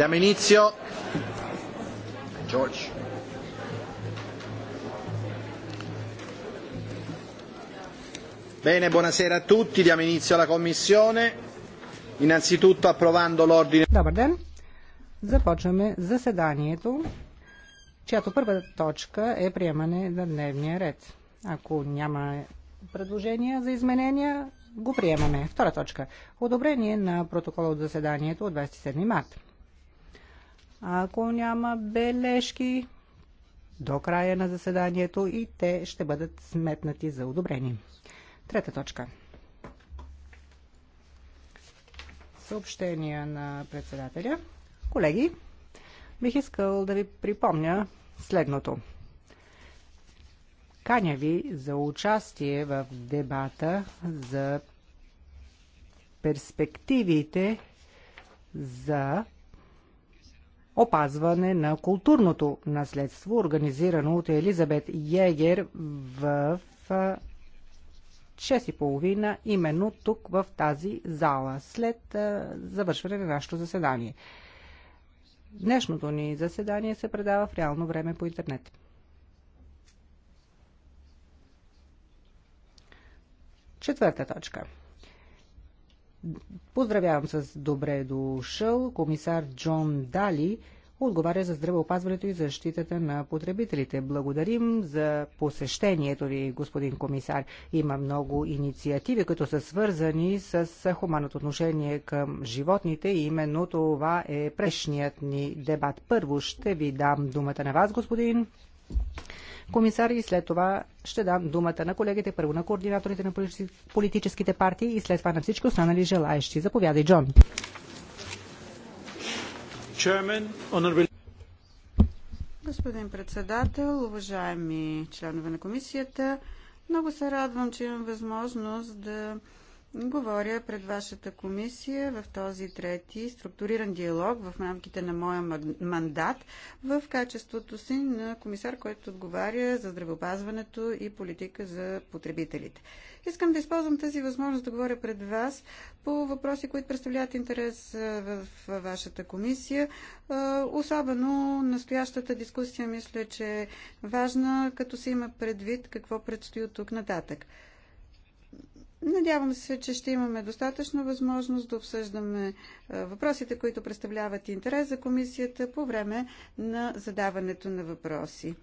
Diamo inizio. George. Bene, buonasera a tutti, diamo inizio alla commissione. Innanzitutto approvando l'ordine. Добър ден. Започваме заседанието, чиято първа точка е приемане на дневния ред. Ако няма предложения за изменения, го приемаме. Втора точка. Одобрение на протокола от заседанието от 27 март ако няма бележки до края на заседанието и те ще бъдат сметнати за одобрени. Трета точка. Съобщения на председателя. Колеги, бих искал да ви припомня следното. Каня ви за участие в дебата за перспективите за опазване на културното наследство, организирано от Елизабет Йегер в 6.30, именно тук в тази зала, след завършване на нашето заседание. Днешното ни заседание се предава в реално време по интернет. Четвърта точка – Поздравявам с добре дошъл комисар Джон Дали, отговаря за здравеопазването и защитата на потребителите. Благодарим за посещението ви, господин комисар. Има много инициативи, като са свързани с хуманното отношение към животните и именно това е прешният ни дебат. Първо ще ви дам думата на вас, господин комисар и след това ще дам думата на колегите, първо на координаторите на политическите партии и след това на всички останали желаещи. Заповядай, Джон. Господин председател, уважаеми членове на комисията, много се радвам, че имам възможност да Говоря пред вашата комисия в този трети структуриран диалог в рамките на моя мандат в качеството си на комисар, който отговаря за здравеопазването и политика за потребителите. Искам да използвам тази възможност да говоря пред вас по въпроси, които представляват интерес в вашата комисия. Особено настоящата дискусия мисля, че е важна, като се има предвид какво предстои от тук нататък. Надявам се, че ще имаме достатъчно възможност да обсъждаме е, въпросите, които представляват интерес за комисията по време на задаването на въпроси.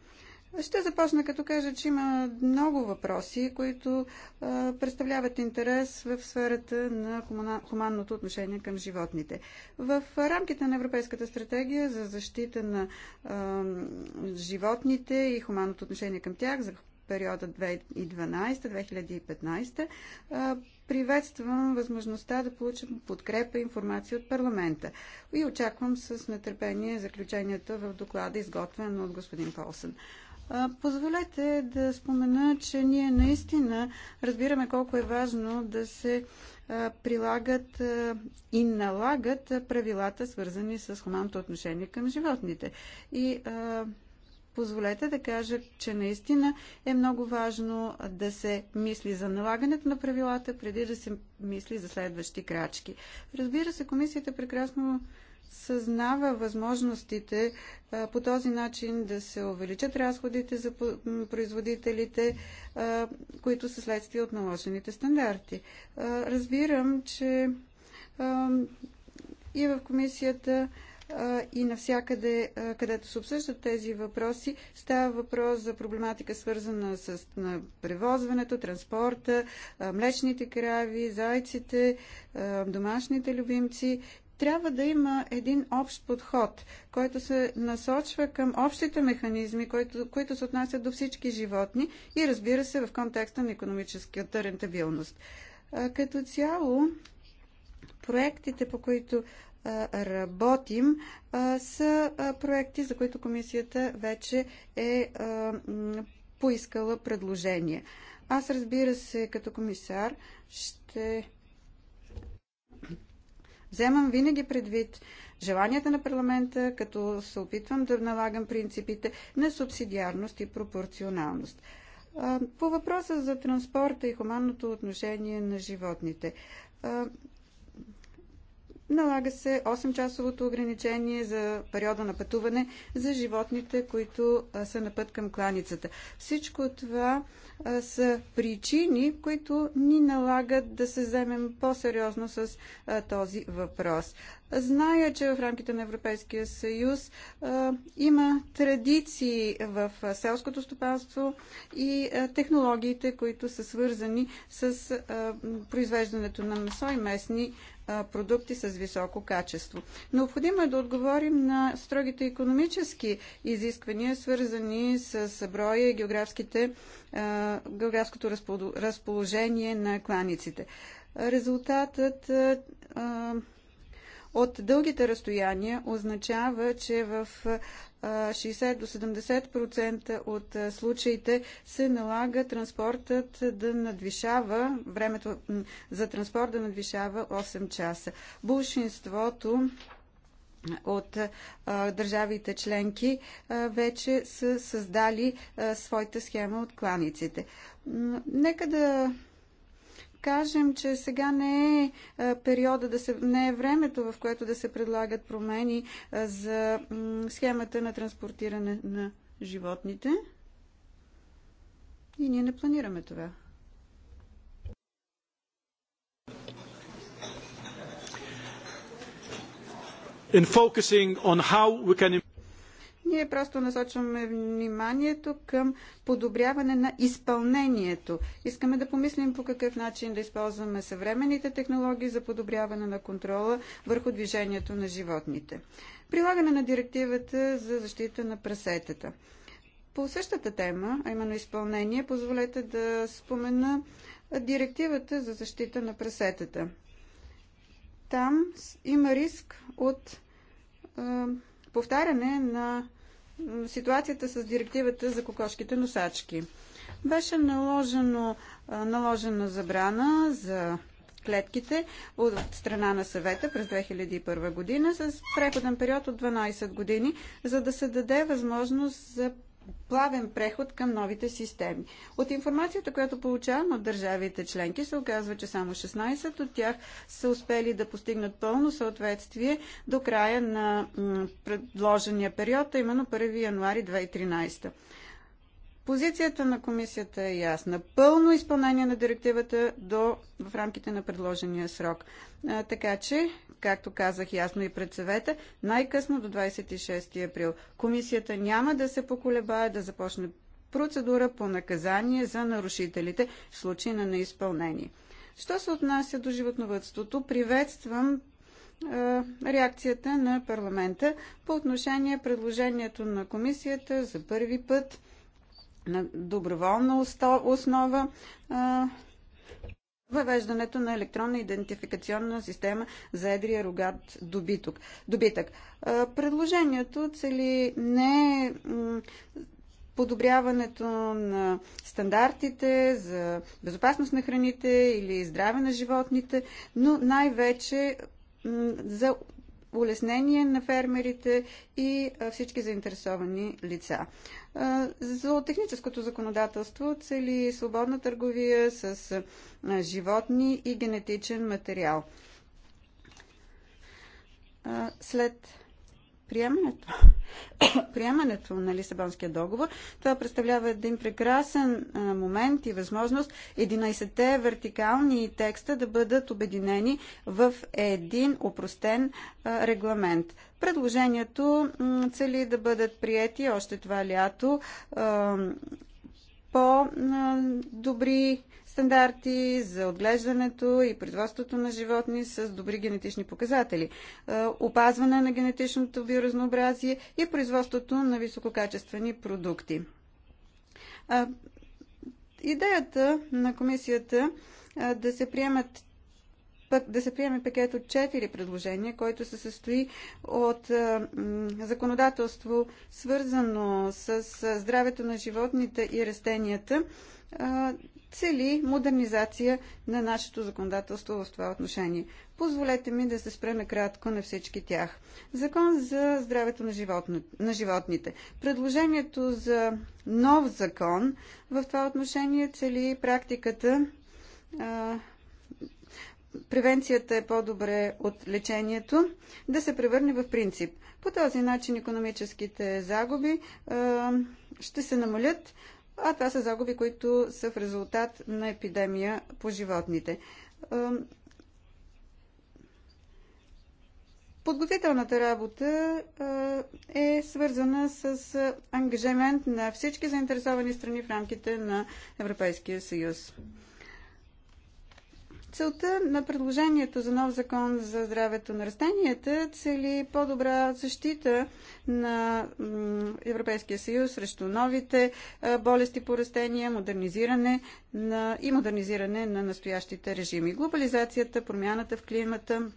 Ще започна като кажа, че има много въпроси, които а, е, представляват интерес в сферата на хумана, хуманното отношение към животните. В рамките на Европейската стратегия за защита на а, е, животните и хуманното отношение към тях, за периода 2012-2015, приветствам възможността да получим подкрепа и информация от парламента и очаквам с нетърпение заключенията в доклада, изготвен от господин Полсен. Позволете да спомена, че ние наистина разбираме колко е важно да се прилагат и налагат правилата, свързани с хуманното отношение към животните. И Позволете да кажа, че наистина е много важно да се мисли за налагането на правилата, преди да се мисли за следващи крачки. Разбира се, комисията прекрасно съзнава възможностите по този начин да се увеличат разходите за производителите, които са следствие от наложените стандарти. разбирам, че и в комисията и навсякъде, където се обсъждат тези въпроси, става въпрос за проблематика свързана с на превозването, транспорта, млечните крави, зайците, домашните любимци. Трябва да има един общ подход, който се насочва към общите механизми, които, които се отнасят до всички животни и разбира се в контекста на економическата рентабилност. Като цяло, проектите, по които работим, са проекти, за които комисията вече е поискала предложение. Аз разбира се, като комисар, ще вземам винаги предвид желанията на парламента, като се опитвам да налагам принципите на субсидиарност и пропорционалност. По въпроса за транспорта и хуманното отношение на животните. Налага се 8-часовото ограничение за периода на пътуване за животните, които са на път към кланицата. Всичко това са причини, които ни налагат да се вземем по-сериозно с този въпрос. Зная, че в рамките на Европейския съюз а, има традиции в селското стопанство и а, технологиите, които са свързани с а, произвеждането на месо и местни продукти с високо качество. Необходимо е да отговорим на строгите економически изисквания, свързани с броя и географските, географското разположение на кланиците. Резултатът от дългите разстояния означава, че в 60 до 70% от случаите се налага транспортът да надвишава, времето за транспорт да надвишава 8 часа. Бълшинството от а, държавите членки а, вече са създали а, своята схема от кланиците. Нека да кажем, че сега не е, е периода, да се, не е времето, в което да се предлагат промени е, за схемата на транспортиране на животните. И ние не планираме това. In focusing on how we can ние просто насочваме вниманието към подобряване на изпълнението. Искаме да помислим по какъв начин да използваме съвременните технологии за подобряване на контрола върху движението на животните. Прилагане на директивата за защита на прасетата. По същата тема, а именно изпълнение, позволете да спомена директивата за защита на прасетата. Там има риск от е, повтаряне на ситуацията с директивата за кокошките носачки. Беше наложено, наложена забрана за клетките от страна на съвета през 2001 година с преходен период от 12 години, за да се даде възможност за плавен преход към новите системи. От информацията, която получавам от държавите членки, се оказва, че само 16 от тях са успели да постигнат пълно съответствие до края на предложения период, а именно 1 януари 2013. Позицията на комисията е ясна. Пълно изпълнение на директивата до, в рамките на предложения срок. А, така че, както казах ясно и пред съвета, най-късно до 26 април. Комисията няма да се поколебае да започне процедура по наказание за нарушителите в случай на неизпълнение. Що се отнася до животновътството, приветствам реакцията на парламента по отношение предложението на комисията за първи път на доброволна основа въвеждането на електронна идентификационна система за едрия рогат добиток. добитък. Предложението цели не подобряването на стандартите за безопасност на храните или здраве на животните, но най-вече за улеснение на фермерите и всички заинтересовани лица. техническото законодателство цели свободна търговия с животни и генетичен материал. След приемането, приемането на Лисабонския договор. Това представлява един прекрасен момент и възможност 11-те вертикални текста да бъдат обединени в един опростен регламент. Предложението цели да бъдат приети още това лято по-добри стандарти за отглеждането и производството на животни с добри генетични показатели, е, опазване на генетичното биоразнообразие и производството на висококачествени продукти. Е, идеята на комисията е, да се приемат пък да се приеме пакет от 4 предложения, който се състои от законодателство, свързано с здравето на животните и растенията, цели модернизация на нашето законодателство в това отношение. Позволете ми да се спра накратко на всички тях. Закон за здравето на, животно, на животните. Предложението за нов закон в това отношение цели практиката. А, превенцията е по-добре от лечението, да се превърне в принцип. По този начин економическите загуби а, ще се намалят, а това са загуби, които са в резултат на епидемия по животните. Подготвителната работа е свързана с ангажимент на всички заинтересовани страни в рамките на Европейския съюз. Целта на предложението за нов закон за здравето на растенията цели по-добра защита на Европейския съюз срещу новите болести по растения, модернизиране на, и модернизиране на настоящите режими. Глобализацията, промяната в климата,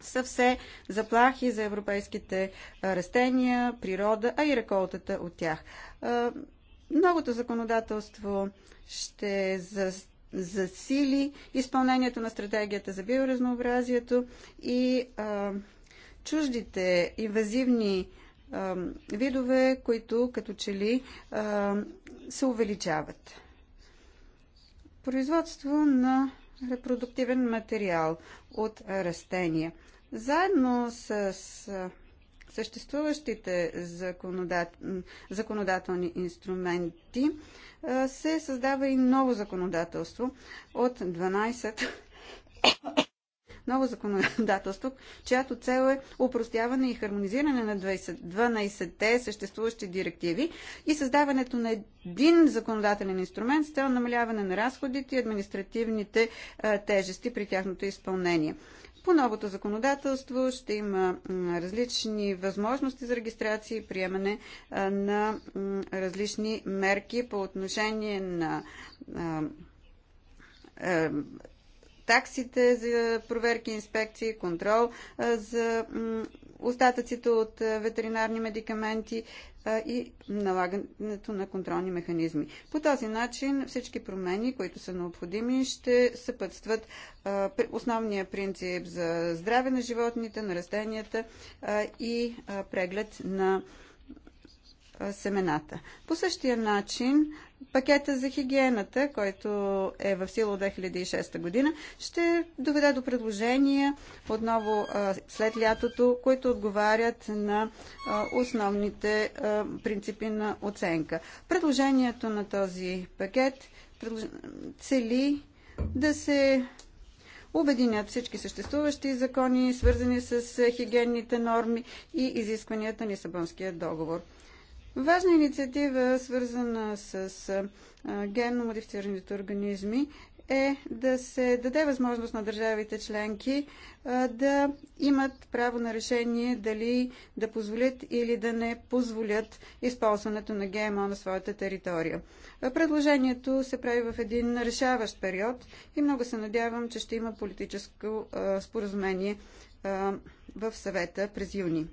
са все заплахи за европейските растения, природа, а и реколтата от тях. Новото законодателство ще за засили изпълнението на стратегията за биоразнообразието и а, чуждите инвазивни а, видове, които като че ли а, се увеличават. Производство на репродуктивен материал от растения. Заедно с съществуващите законодат... законодателни инструменти се създава и ново законодателство от 12 ново законодателство, чиято цел е упростяване и хармонизиране на 12-те съществуващи директиви и създаването на един законодателен инструмент с цел намаляване на разходите и административните тежести при тяхното изпълнение. По новото законодателство ще има различни възможности за регистрация и приемане на различни мерки по отношение на таксите за проверки, инспекции, контрол за остатъците от е, ветеринарни медикаменти е, и налагането на контролни механизми. По този начин всички промени, които са необходими, ще съпътстват е, основния принцип за здраве на животните, на растенията и преглед на семената. По същия начин пакета за хигиената, който е в сила от 2006 година, ще доведе до предложения отново след лятото, които отговарят на основните принципи на оценка. Предложението на този пакет цели да се обединят всички съществуващи закони, свързани с хигиенните норми и изискванията на Лисабонския договор. Важна инициатива, свързана с генно модифицираните организми, е да се даде възможност на държавите членки да имат право на решение дали да позволят или да не позволят използването на ГМО на своята територия. Предложението се прави в един решаващ период и много се надявам, че ще има политическо споразумение в съвета през юни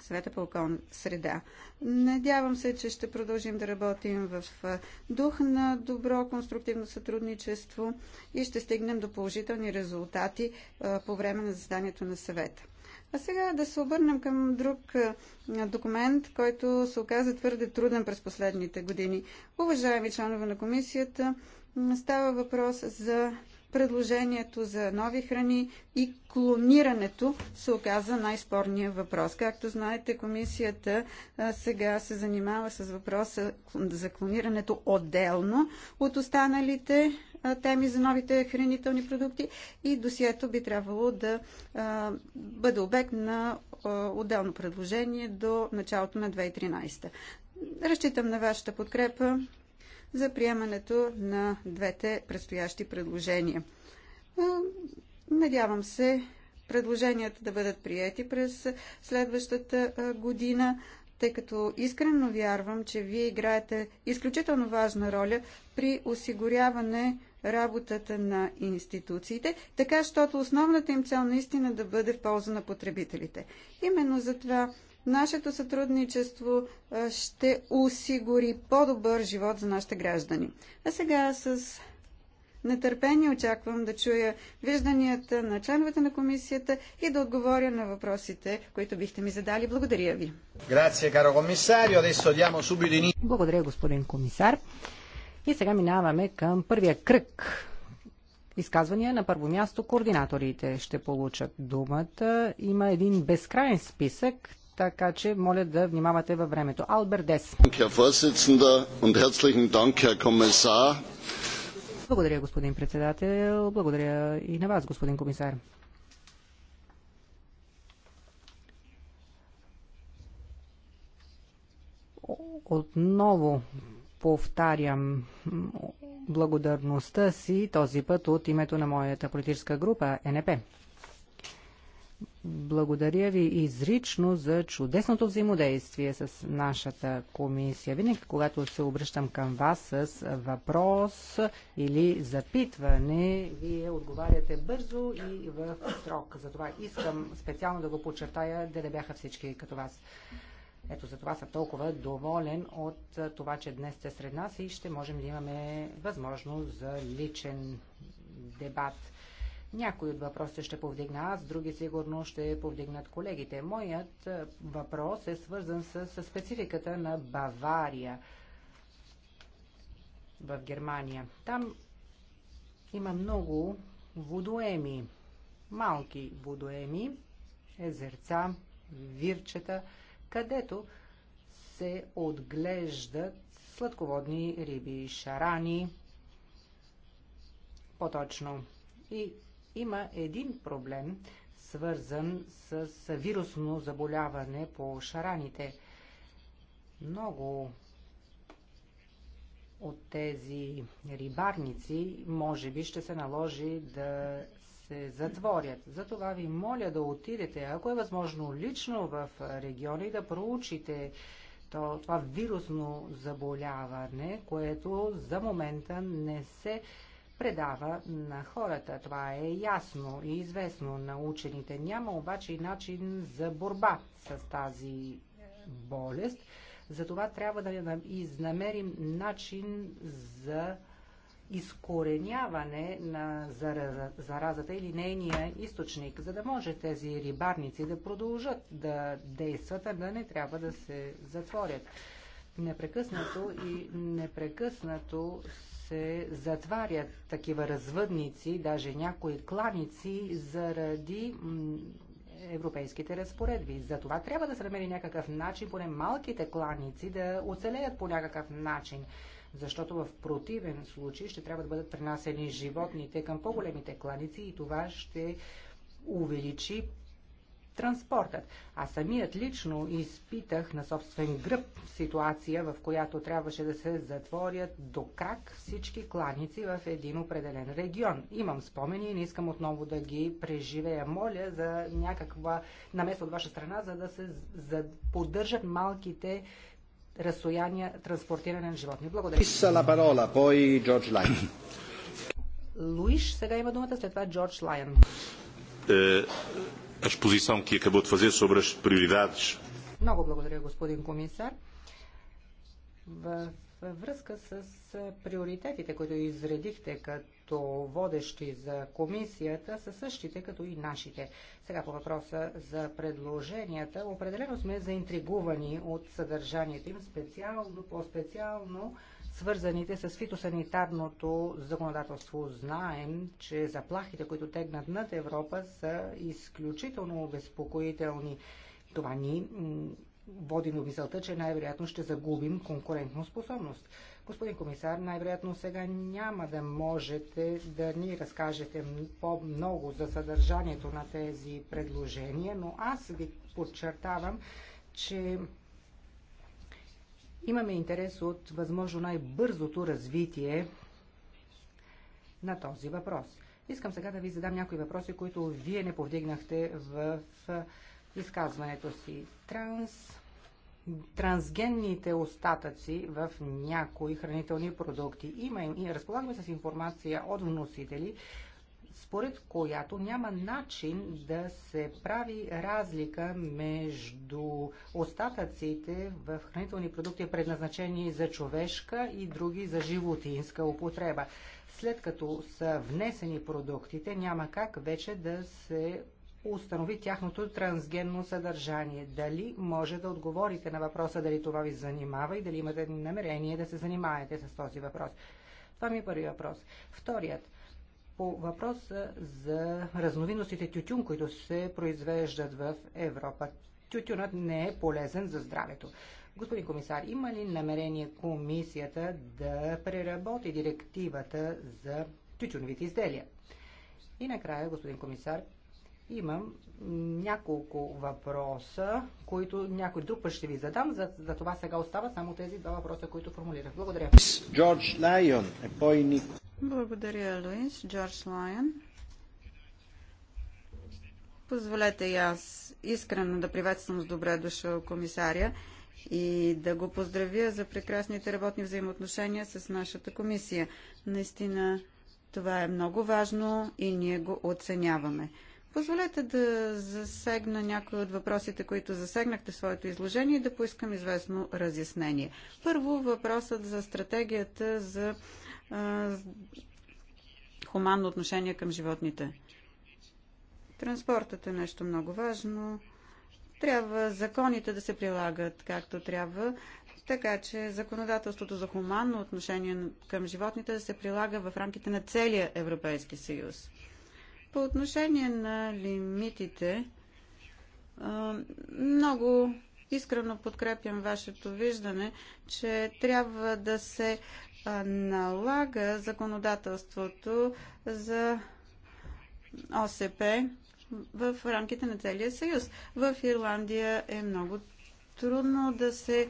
съвета по околна среда. Надявам се, че ще продължим да работим в дух на добро конструктивно сътрудничество и ще стигнем до положителни резултати по време на заседанието на съвета. А сега да се обърнем към друг документ, който се оказа твърде труден през последните години. Уважаеми членове на комисията, става въпрос за предложението за нови храни и клонирането се оказа най-спорният въпрос. Както знаете, комисията сега се занимава с въпроса за клонирането отделно от останалите теми за новите хранителни продукти и досието би трябвало да бъде обект на отделно предложение до началото на 2013. Разчитам на вашата подкрепа за приемането на двете предстоящи предложения. Надявам се предложенията да бъдат приети през следващата година, тъй като искрено вярвам, че вие играете изключително важна роля при осигуряване работата на институциите, така, щото основната им цел наистина да бъде в полза на потребителите. Именно за това Нашето сътрудничество ще осигури по-добър живот за нашите граждани. А сега с нетърпение очаквам да чуя вижданията на членовете на комисията и да отговоря на въпросите, които бихте ми задали. Благодаря ви. Благодаря, господин комисар. И сега минаваме към първия кръг изказвания. На първо място координаторите ще получат думата. Има един безкрайен списък така че моля да внимавате във времето. Албер Дес. Благодаря, господин председател. Благодаря и на вас, господин комисар. Отново повтарям благодарността си този път от името на моята политическа група е НП. Благодаря ви изрично за чудесното взаимодействие с нашата комисия. Винаги, когато се обръщам към вас с въпрос или запитване, вие отговаряте бързо и в срок. Затова искам специално да го подчертая, да не бяха всички като вас. Ето за това съм толкова доволен от това, че днес сте сред нас и ще можем да имаме възможност за личен дебат. Някои от въпросите ще повдигна аз, други сигурно ще повдигнат колегите. Моят е, въпрос е свързан с, с спецификата на Бавария в Германия. Там има много водоеми, малки водоеми, езерца, вирчета, където се отглеждат сладководни риби, шарани, по-точно. И има един проблем, свързан с вирусно заболяване по шараните. Много от тези рибарници може би ще се наложи да се затворят. Затова ви моля да отидете, ако е възможно, лично в региона и да проучите то, това вирусно заболяване, което за момента не се предава на хората. Това е ясно и известно на учените. Няма обаче и начин за борба с тази болест. Затова трябва да изнамерим начин за изкореняване на заразата или нейния източник, за да може тези рибарници да продължат да действат, а да не трябва да се затворят. Непрекъснато и непрекъснато се затварят такива развъдници, даже някои кланици, заради европейските разпоредби. За това трябва да се намери някакъв начин, поне малките кланици да оцелеят по някакъв начин, защото в противен случай ще трябва да бъдат пренасени животните към по-големите кланици и това ще увеличи транспортът. А самият лично изпитах на собствен гръб ситуация, в която трябваше да се затворят до крак всички кланици в един определен регион. Имам спомени и не искам отново да ги преживея. Моля за някаква намеса от ваша страна, за да се за поддържат малките разстояния транспортиране на животни. Благодаря. Писа ла парола, пой Джордж Лайн. Луиш сега има думата, след това Джордж Лайон. Е, a exposição que acabou de fazer sobre as prioridades. Много благодаря, господин комисар. В връзка с приоритетите, които изредихте като водещи за комисията, са същите като и нашите. Сега по въпроса за предложенията. Определено сме заинтригувани от съдържанието им, специално, по-специално свързаните с фитосанитарното законодателство. Знаем, че заплахите, които тегнат над Европа, са изключително обезпокоителни. Това ни води до мисълта, че най-вероятно ще загубим конкурентно способност. Господин комисар, най-вероятно сега няма да можете да ни разкажете по-много за съдържанието на тези предложения, но аз ви подчертавам, че Имаме интерес от възможно най-бързото развитие на този въпрос. Искам сега да ви задам някои въпроси, които вие не повдигнахте в изказването си. Транс трансгенните остатъци в някои хранителни продукти. Има и разполагаме с информация от вносители според която няма начин да се прави разлика между остатъците в хранителни продукти, предназначени за човешка и други за животинска употреба. След като са внесени продуктите, няма как вече да се установи тяхното трансгенно съдържание. Дали може да отговорите на въпроса дали това ви занимава и дали имате намерение да се занимаете с този въпрос? Това ми е първи въпрос. Вторият по въпроса за разновидностите тютюн, които се произвеждат в Европа. Тютюнът не е полезен за здравето. Господин комисар, има ли намерение комисията да преработи директивата за тютюновите изделия? И накрая, господин комисар, имам няколко въпроса, които някой друг път ще ви задам, за, за това сега остават само тези два въпроса, които формулирах. Благодаря. Джордж Лайон, е благодаря, Луис. Джордж Лайон. Позволете и аз искрено да приветствам с добре дошъл комисаря и да го поздравя за прекрасните работни взаимоотношения с нашата комисия. Наистина това е много важно и ние го оценяваме. Позволете да засегна някои от въпросите, които засегнахте в своето изложение и да поискам известно разяснение. Първо въпросът за стратегията за хуманно отношение към животните. Транспортът е нещо много важно. Трябва законите да се прилагат както трябва, така че законодателството за хуманно отношение към животните да се прилага в рамките на целия Европейски съюз. По отношение на лимитите, много искрено подкрепям вашето виждане, че трябва да се налага законодателството за ОСП в рамките на целия съюз. В Ирландия е много трудно да се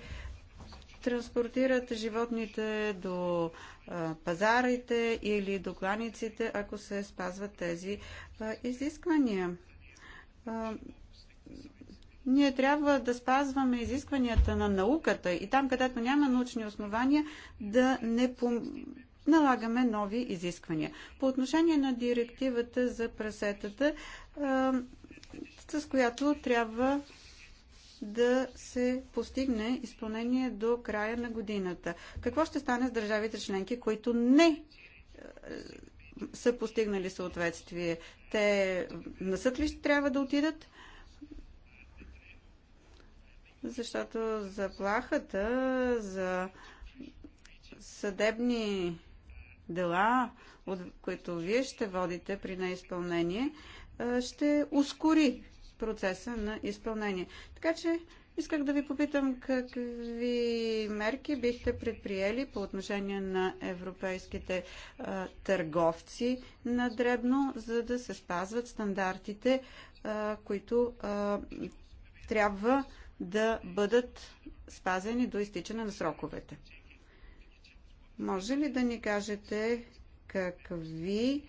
транспортират животните до пазарите или до кланиците, ако се спазват тези изисквания. Ние трябва да спазваме изискванията на науката и там, където няма научни основания, да не пом... налагаме нови изисквания. По отношение на директивата за прасетата, с която трябва да се постигне изпълнение до края на годината. Какво ще стане с държавите членки, които не са постигнали съответствие? Те насъд ли ще трябва да отидат? защото заплахата за съдебни дела, от които вие ще водите при неизпълнение, ще ускори процеса на изпълнение. Така че исках да ви попитам какви мерки бихте предприели по отношение на европейските а, търговци на дребно, за да се спазват стандартите, а, които а, трябва да бъдат спазени до изтичане на сроковете. Може ли да ни кажете какви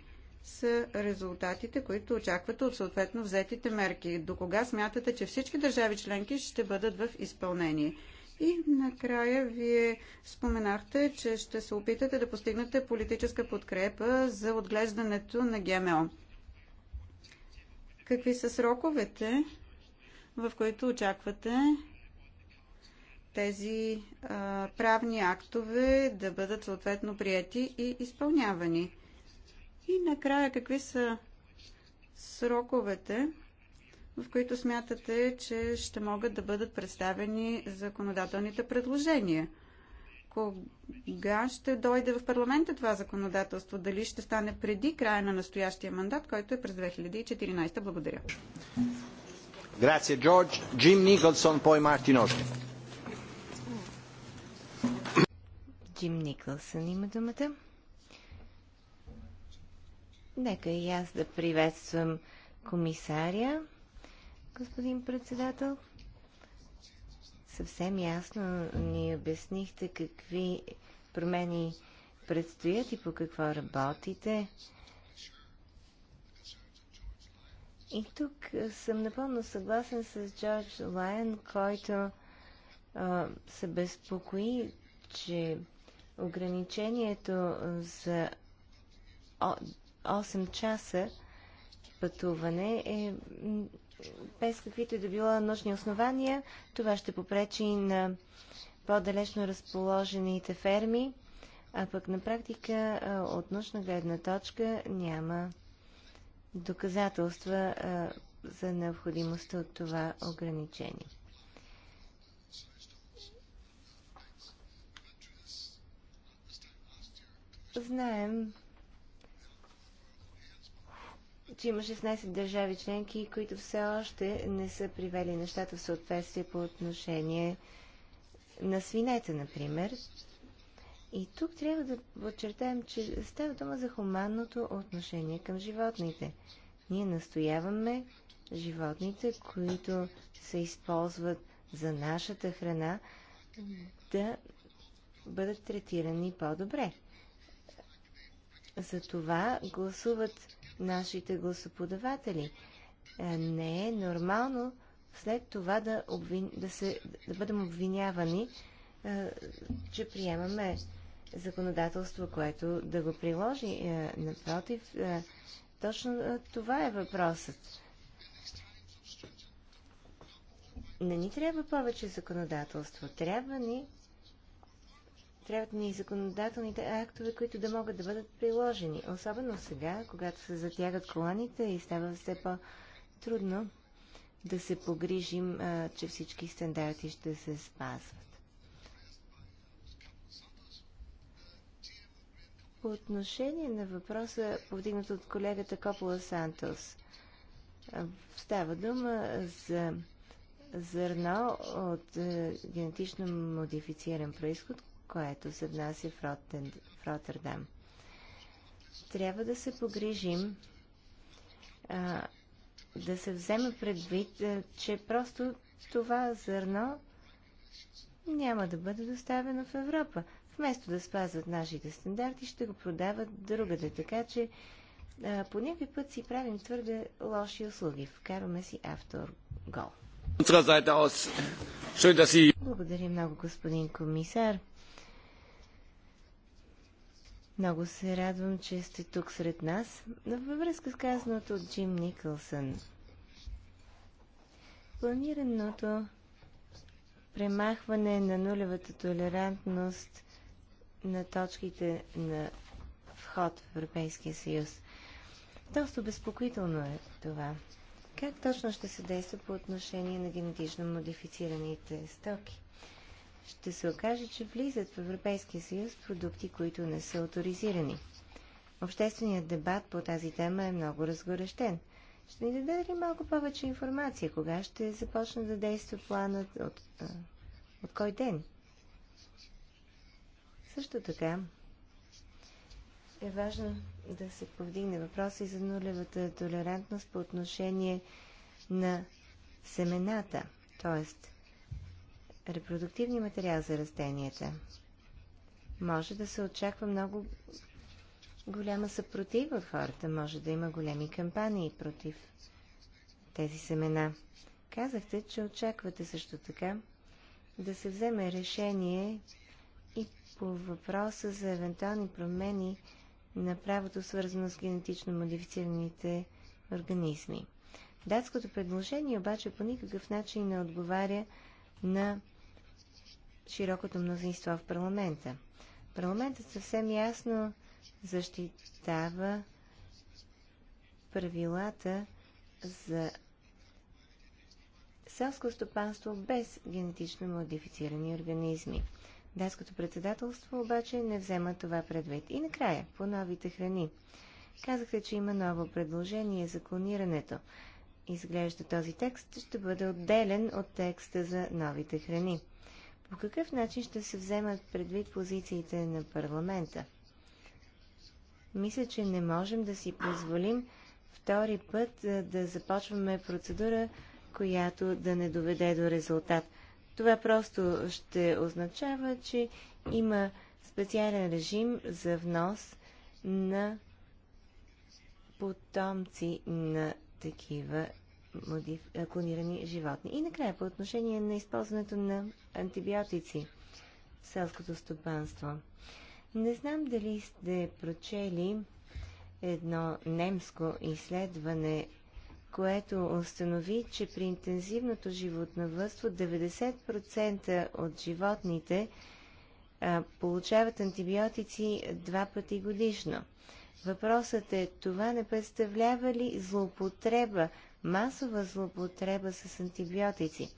са резултатите, които очаквате от съответно взетите мерки? До кога смятате, че всички държави членки ще бъдат в изпълнение? И накрая вие споменахте, че ще се опитате да постигнете политическа подкрепа за отглеждането на ГМО. Какви са сроковете в който очаквате тези а, правни актове да бъдат съответно прияти и изпълнявани. И накрая, какви са сроковете, в които смятате, че ще могат да бъдат представени законодателните предложения? Кога ще дойде в парламента това законодателство? Дали ще стане преди края на настоящия мандат, който е през 2014? Благодаря. Grazie George. Jim Nicholson, poi Джим Никълсън има думата. Нека и аз да приветствам комисаря, господин председател. Съвсем ясно ни обяснихте какви промени предстоят и по какво работите. И тук съм напълно съгласен с Джордж Лайен, който а, се безпокои, че ограничението за 8 часа пътуване е без каквито и да било нужни основания. Това ще попречи на по-далечно разположените ферми, а пък на практика от нужна гледна точка няма доказателства а, за необходимостта от това ограничение. Знаем, че има 16 държави членки, които все още не са привели нещата в съответствие по отношение на свинете, например. И тук трябва да подчертаем, че става дума за хуманното отношение към животните. Ние настояваме животните, които се използват за нашата храна, да бъдат третирани по-добре. За това гласуват нашите гласоподаватели. Е, не е нормално след това да, обвин... да, се... да бъдем обвинявани, е, че приемаме законодателство, което да го приложи. Е, напротив, е, точно е, това е въпросът. Не ни трябва повече законодателство. Трябва ни трябват ни законодателните актове, които да могат да бъдат приложени. Особено сега, когато се затягат коланите и става все по-трудно да се погрижим, че всички стандарти ще се спазват. По отношение на въпроса, повдигнат от колегата Копола Сантос, става дума за зърно от е, генетично модифициран происход, което се внася в, Ротен, в Роттердам. Трябва да се погрижим а, да се вземе предвид, е, че просто това зърно няма да бъде доставено в Европа вместо да спазват нашите стандарти, ще го продават другаде. Така че а, по някой път си правим твърде лоши услуги. Вкарваме си автор гол. Благодаря много, господин комисар. Много се радвам, че сте тук сред нас. Във връзка с казаното от Джим Никълсън. Планираното премахване на нулевата толерантност на точките на вход в Европейския съюз. Доста безпокоително е това. Как точно ще се действа по отношение на генетично модифицираните стоки? Ще се окаже, че влизат в Европейския съюз продукти, които не са авторизирани. Общественият дебат по тази тема е много разгорещен. Ще ни даде ли малко повече информация? Кога ще започне да действа планът? От, от кой ден? Също така е важно да се повдигне въпроса и за нулевата толерантност по отношение на семената, т.е. репродуктивни материал за растенията. Може да се очаква много голяма съпротива от хората. Може да има големи кампании против тези семена. Казахте, че очаквате също така да се вземе решение по въпроса за евентуални промени на правото, свързано с генетично модифицираните организми. Датското предложение обаче по никакъв начин не отговаря на широкото мнозинство в парламента. Парламентът съвсем ясно защитава правилата за селско стопанство без генетично модифицирани организми. Датското председателство обаче не взема това предвид. И накрая, по новите храни. Казахте, че има ново предложение за клонирането. Изглежда този текст ще бъде отделен от текста за новите храни. По какъв начин ще се вземат предвид позициите на парламента? Мисля, че не можем да си позволим втори път да започваме процедура, която да не доведе до резултат. Това просто ще означава, че има специален режим за внос на потомци на такива модиф... клонирани животни. И накрая, по отношение на използването на антибиотици в селското стопанство. Не знам дали сте прочели едно немско изследване което установи, че при интензивното животновътство 90% от животните а, получават антибиотици два пъти годишно. Въпросът е, това не представлява ли злоупотреба, масова злоупотреба с антибиотици?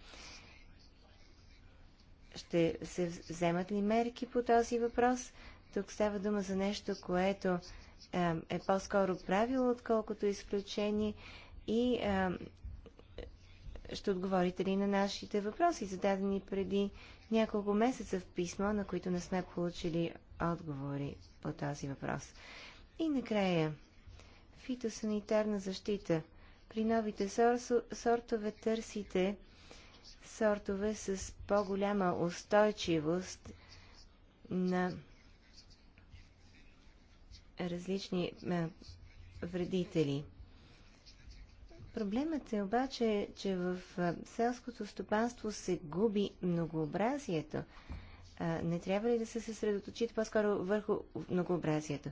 Ще се вземат ли мерки по този въпрос? Тук става дума за нещо, което е по-скоро правило, отколкото изключение и а, ще отговорите ли на нашите въпроси, зададени преди няколко месеца в писмо, на които не сме получили отговори по този въпрос. И накрая, фитосанитарна защита. При новите сор сортове търсите сортове с по-голяма устойчивост на различни а, вредители. Проблемът е обаче, че в селското стопанство се губи многообразието. Не трябва ли да се съсредоточите по-скоро върху многообразието?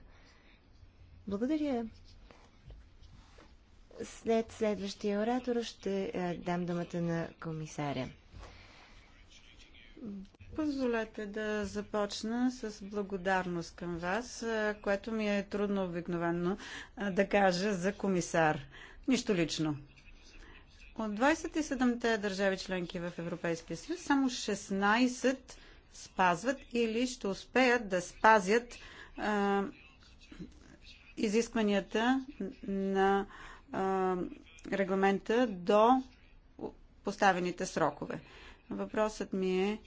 Благодаря. След следващия оратор ще дам думата на комисаря. Позволете да започна с благодарност към вас, което ми е трудно обикновено да кажа за комисар. Нищо лично. От 27-те държави членки в Европейския съюз, само 16 спазват или ще успеят да спазят а, изискванията на а, регламента до поставените срокове. Въпросът ми е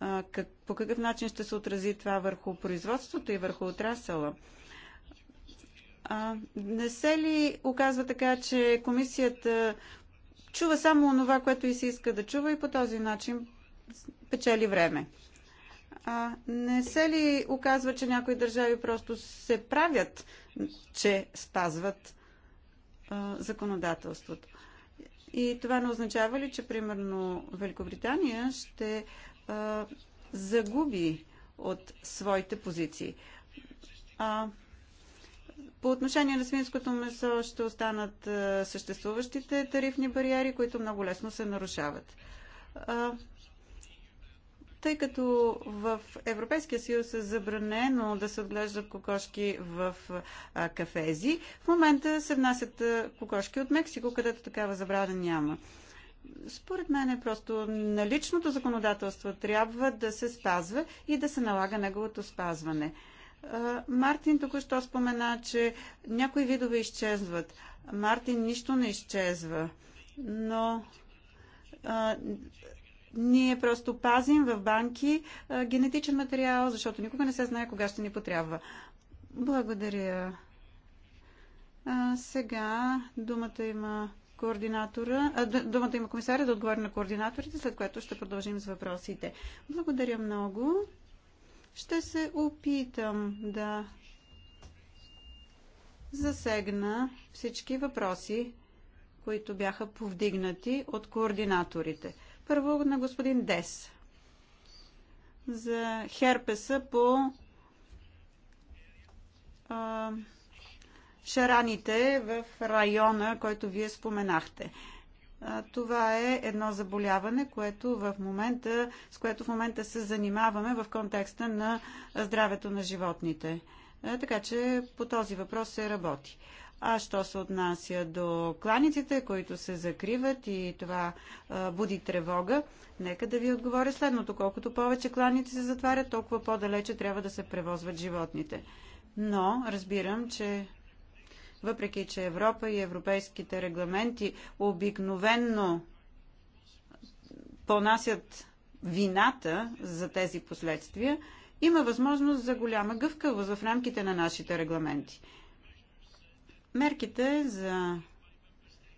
а, как, по какъв начин ще се отрази това върху производството и върху отрасъла. А, не се ли оказва така, че комисията чува само това, което и се иска да чува и по този начин печели време? А, не се ли оказва, че някои държави просто се правят, че спазват а, законодателството? И това не означава ли, че примерно Великобритания ще а, загуби от своите позиции? А, по отношение на свинското месо ще останат е, съществуващите тарифни бариери, които много лесно се нарушават. Тъй като в Европейския съюз е забранено да се отглеждат кокошки в кафези, в момента се внасят е, кокошки от Мексико, където такава забрана няма. Според мен е просто наличното законодателство трябва да се спазва и да се налага неговото спазване. Мартин току-що спомена, че някои видове изчезват. Мартин нищо не изчезва, но а, ние просто пазим в банки а, генетичен материал, защото никога не се знае кога ще ни потрябва. Благодаря. А, сега думата има координатора, а, думата има комисаря да отговори на координаторите, след което ще продължим с въпросите. Благодаря много. Ще се опитам да засегна всички въпроси, които бяха повдигнати от координаторите. Първо на господин Дес за херпеса по а, шараните в района, който вие споменахте това е едно заболяване, което в момента, с което в момента се занимаваме в контекста на здравето на животните. Така че по този въпрос се работи. А що се отнася до кланиците, които се закриват и това а, буди тревога, нека да ви отговоря следното. Колкото повече кланици се затварят, толкова по-далече трябва да се превозват животните. Но разбирам, че въпреки че Европа и европейските регламенти обикновенно понасят вината за тези последствия, има възможност за голяма гъвкавост в рамките на нашите регламенти. Мерките за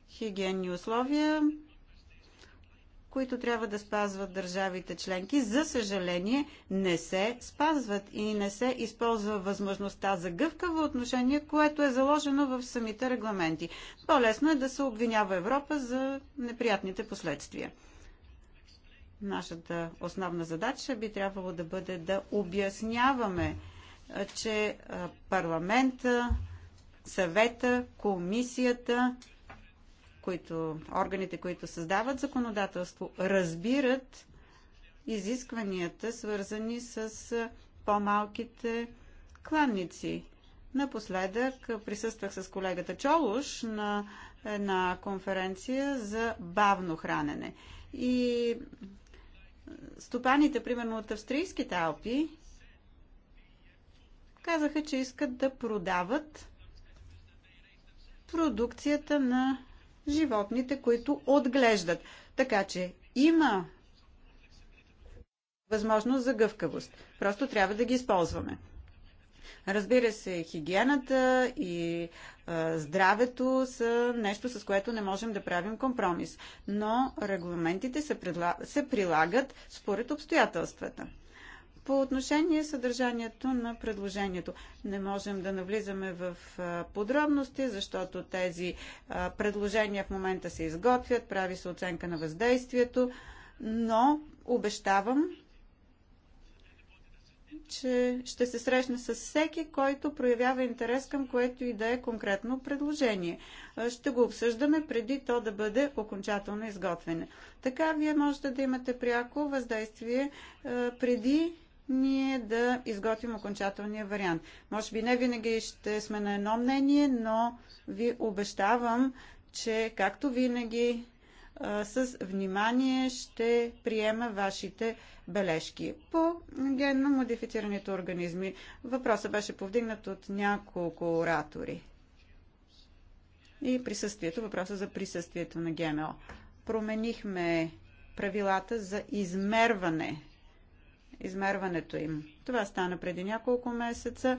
хигиенни условия които трябва да спазват държавите членки, за съжаление не се спазват и не се използва възможността за гъвкаво отношение, което е заложено в самите регламенти. По-лесно е да се обвинява Европа за неприятните последствия. Нашата основна задача би трябвало да бъде да обясняваме, че парламента, съвета, комисията, които, органите, които създават законодателство, разбират изискванията, свързани с по-малките кланници. Напоследък присъствах с колегата Чолуш на една конференция за бавно хранене. И стопаните, примерно от австрийските алпи, казаха, че искат да продават продукцията на животните, които отглеждат. Така че има възможност за гъвкавост. Просто трябва да ги използваме. Разбира се, хигиената и а, здравето са нещо, с което не можем да правим компромис. Но регламентите се, предла... се прилагат според обстоятелствата. По отношение съдържанието на предложението. Не можем да навлизаме в подробности, защото тези предложения в момента се изготвят, прави се оценка на въздействието, но обещавам, че ще се срещна с всеки, който проявява интерес към което и да е конкретно предложение. Ще го обсъждаме преди то да бъде окончателно изготвено. Така вие можете да имате пряко въздействие преди ние да изготвим окончателния вариант. Може би не винаги ще сме на едно мнение, но ви обещавам, че както винаги с внимание ще приема вашите бележки. По генно модифицираните организми въпросът беше повдигнат от няколко оратори. И присъствието, въпроса за присъствието на ГМО. Променихме правилата за измерване измерването им. Това стана преди няколко месеца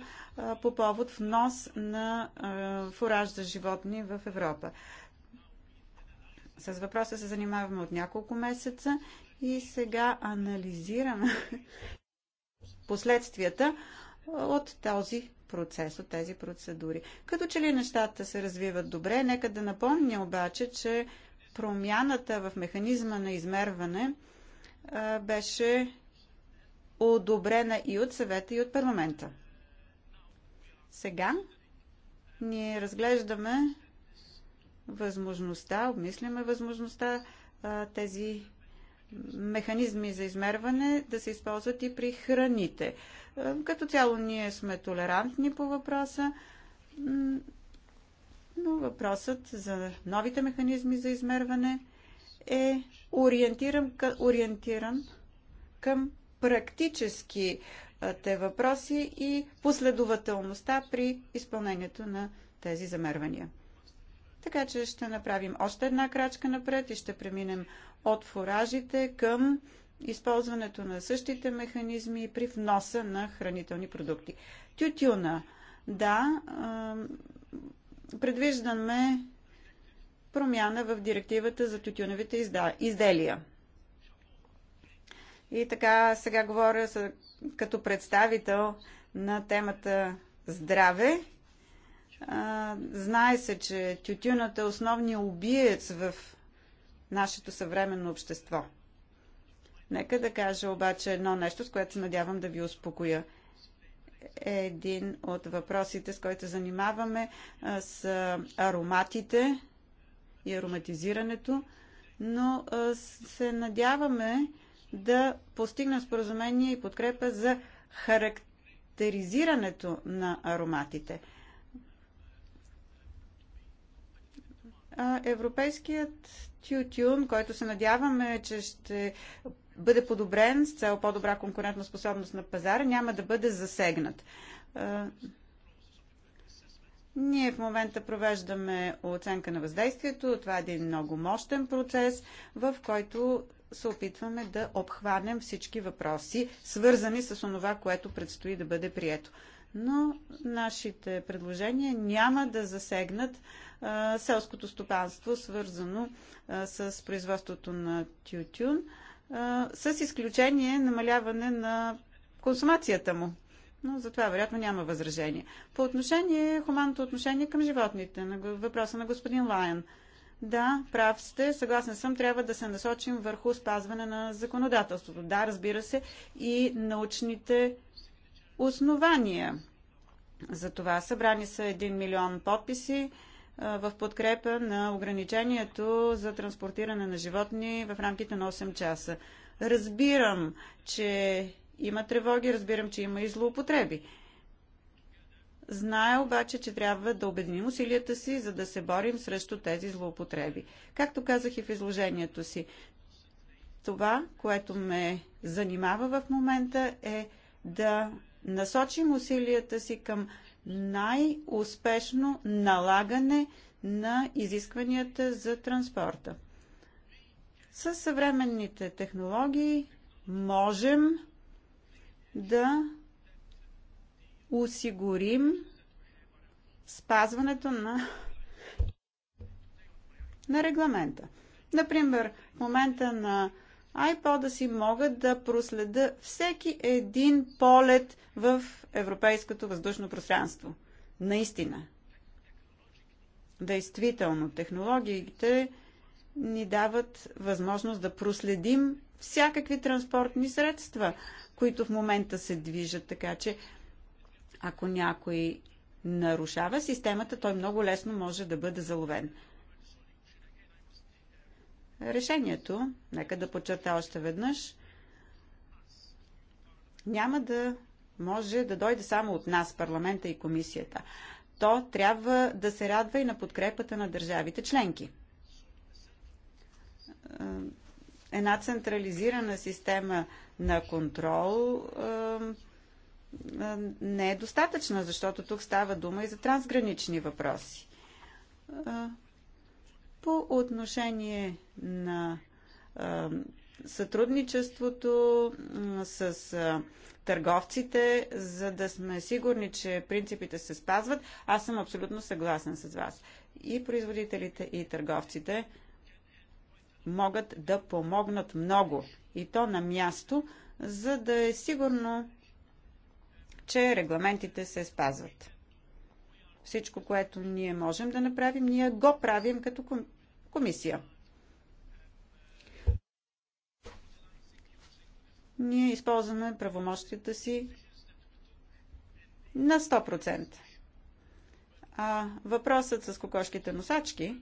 по повод внос на фураж за животни в Европа. С въпроса се занимаваме от няколко месеца и сега анализираме последствията от този процес, от тези процедури. Като че ли нещата се развиват добре, нека да напомня обаче, че промяната в механизма на измерване беше одобрена и от съвета, и от парламента. Сега ние разглеждаме възможността, обмисляме възможността тези механизми за измерване да се използват и при храните. Като цяло ние сме толерантни по въпроса, но въпросът за новите механизми за измерване е ориентиран, ориентиран към практически те въпроси и последователността при изпълнението на тези замервания. Така че ще направим още една крачка напред и ще преминем от фуражите към използването на същите механизми при вноса на хранителни продукти. Тютюна. Да, предвиждаме промяна в директивата за тютюновите изделия. И така сега говоря с, като представител на темата здраве. А, знае се, че тютюнът е основният убиец в нашето съвременно общество. Нека да кажа обаче едно нещо, с което се надявам да ви успокоя. Един от въпросите, с който занимаваме, с ароматите и ароматизирането, но се надяваме да постигнем споразумение и подкрепа за характеризирането на ароматите. Европейският тютюн, който се надяваме, че ще бъде подобрен с цел по-добра конкурентна способност на пазара, няма да бъде засегнат. Ние в момента провеждаме оценка на въздействието. Това е един много мощен процес, в който се опитваме да обхванем всички въпроси, свързани с онова, което предстои да бъде прието. Но нашите предложения няма да засегнат а, селското стопанство, свързано а, с производството на тютюн, а, с изключение намаляване на консумацията му. Но за това вероятно няма възражение. По отношение, хуманното отношение към животните, на въпроса на господин Лайен – да, прав сте. Съгласен съм, трябва да се насочим върху спазване на законодателството. Да, разбира се, и научните основания. За това събрани са 1 милион подписи в подкрепа на ограничението за транспортиране на животни в рамките на 8 часа. Разбирам, че има тревоги, разбирам, че има и злоупотреби. Знае обаче, че трябва да обединим усилията си, за да се борим срещу тези злоупотреби. Както казах и в изложението си, това, което ме занимава в момента е да насочим усилията си към най-успешно налагане на изискванията за транспорта. С съвременните технологии можем да осигурим спазването на, на регламента. Например, в момента на iPod-а си мога да проследа всеки един полет в европейското въздушно пространство. Наистина. Действително, технологиите ни дават възможност да проследим всякакви транспортни средства, които в момента се движат. Така че ако някой нарушава системата, той много лесно може да бъде заловен. Решението, нека да подчерта още веднъж, няма да може да дойде само от нас, парламента и комисията. То трябва да се радва и на подкрепата на държавите членки. Е, една централизирана система на контрол не е достатъчна, защото тук става дума и за трансгранични въпроси. По отношение на сътрудничеството с търговците, за да сме сигурни, че принципите се спазват, аз съм абсолютно съгласен с вас. И производителите, и търговците могат да помогнат много, и то на място, за да е сигурно че регламентите се спазват. Всичко, което ние можем да направим, ние го правим като комисия. Ние използваме правомощията си на 100%. А въпросът с кокошките носачки,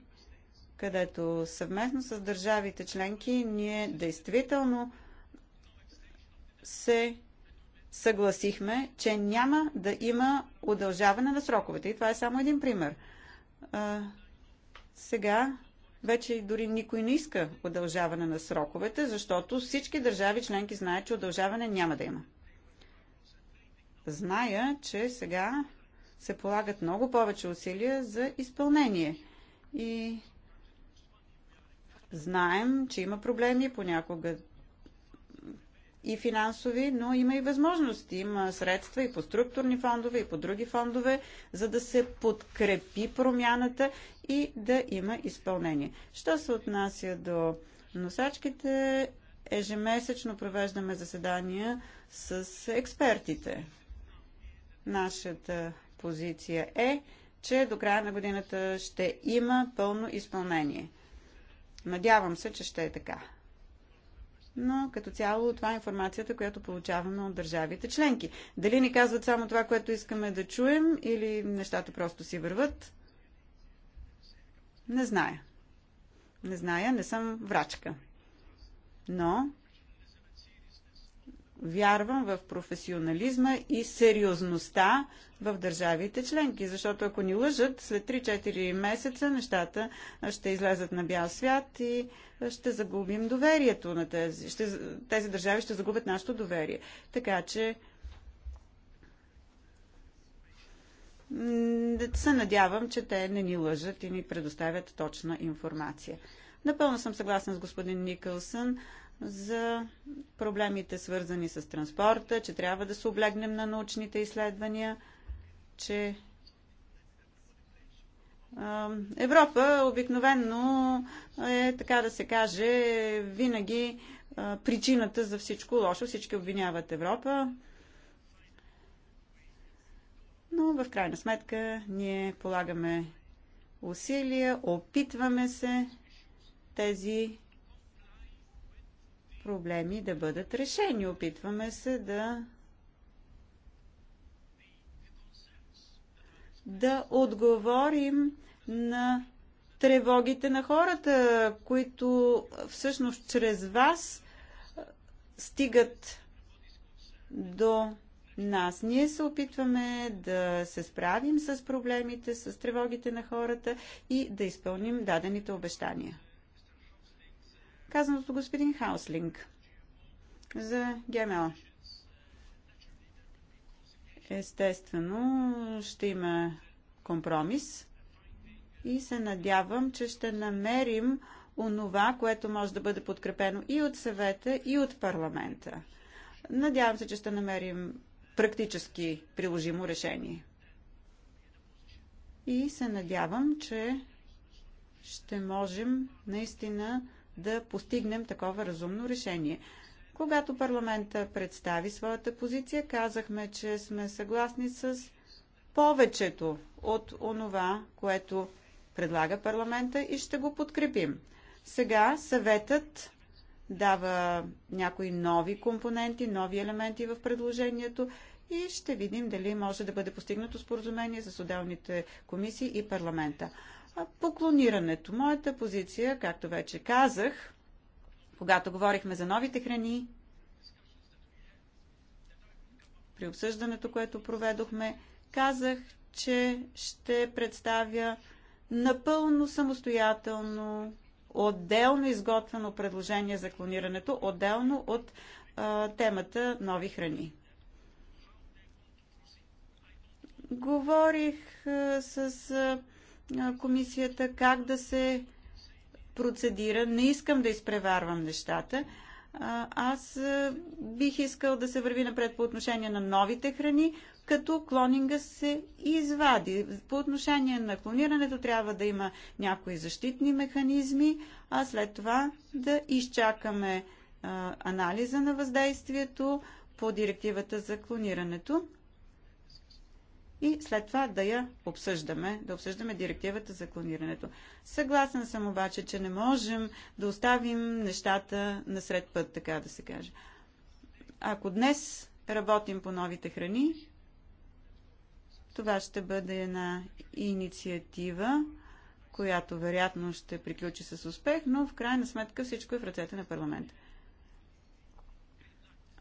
където съвместно с държавите членки ние действително се съгласихме, че няма да има удължаване на сроковете. И това е само един пример. А, сега вече дори никой не иска удължаване на сроковете, защото всички държави членки знаят, че удължаване няма да има. Зная, че сега се полагат много повече усилия за изпълнение. И знаем, че има проблеми, понякога и финансови, но има и възможности. Има средства и по структурни фондове, и по други фондове, за да се подкрепи промяната и да има изпълнение. Що се отнася до носачките, ежемесечно провеждаме заседания с експертите. Нашата позиция е, че до края на годината ще има пълно изпълнение. Надявам се, че ще е така но като цяло това е информацията, която получаваме от държавите членки. Дали ни казват само това, което искаме да чуем или нещата просто си върват, не зная. Не зная, не съм врачка. Но вярвам в професионализма и сериозността в държавите членки, защото ако ни лъжат, след 3-4 месеца нещата ще излезат на бял свят и ще загубим доверието на тези. Ще, тези държави ще загубят нашето доверие. Така че се надявам, че те не ни лъжат и ни предоставят точна информация. Напълно съм съгласна с господин Никълсън за проблемите свързани с транспорта, че трябва да се облегнем на научните изследвания, че Европа обикновенно е, така да се каже, винаги причината за всичко лошо. Всички обвиняват Европа. Но в крайна сметка ние полагаме усилия, опитваме се тези проблеми да бъдат решени. Опитваме се да да отговорим на тревогите на хората, които всъщност чрез вас стигат до нас. Ние се опитваме да се справим с проблемите, с тревогите на хората и да изпълним дадените обещания казаното господин Хауслинг за ГМО. Естествено, ще има компромис и се надявам, че ще намерим онова, което може да бъде подкрепено и от съвета, и от парламента. Надявам се, че ще намерим практически приложимо решение. И се надявам, че ще можем наистина да постигнем такова разумно решение. Когато парламента представи своята позиция, казахме, че сме съгласни с повечето от онова, което предлага парламента и ще го подкрепим. Сега съветът дава някои нови компоненти, нови елементи в предложението и ще видим дали може да бъде постигнато споразумение с отделните комисии и парламента. А моята позиция, както вече казах, когато говорихме за новите храни, при обсъждането, което проведохме, казах, че ще представя напълно самостоятелно, отделно изготвено предложение за клонирането, отделно от а, темата нови храни. Говорих а, с. А, комисията как да се процедира. Не искам да изпреварвам нещата. Аз бих искал да се върви напред по отношение на новите храни, като клонинга се извади. По отношение на клонирането трябва да има някои защитни механизми, а след това да изчакаме анализа на въздействието по директивата за клонирането и след това да я обсъждаме, да обсъждаме директивата за клонирането. Съгласен съм обаче, че не можем да оставим нещата насред път, така да се каже. Ако днес работим по новите храни, това ще бъде една инициатива, която вероятно ще приключи с успех, но в крайна сметка всичко е в ръцете на парламента.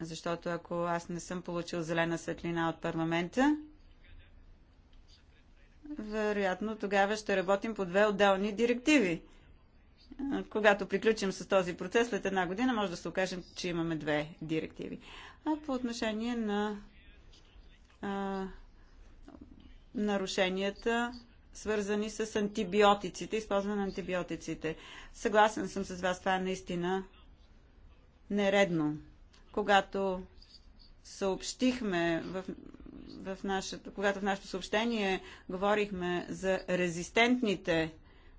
Защото ако аз не съм получил зелена светлина от парламента, вероятно тогава ще работим по две отделни директиви. Когато приключим с този процес след една година, може да се окажем, че имаме две директиви. А по отношение на а, нарушенията, свързани с антибиотиците, използване на антибиотиците. Съгласен съм с вас, това е наистина нередно. Когато съобщихме в нашето, когато в нашето съобщение говорихме за резистентните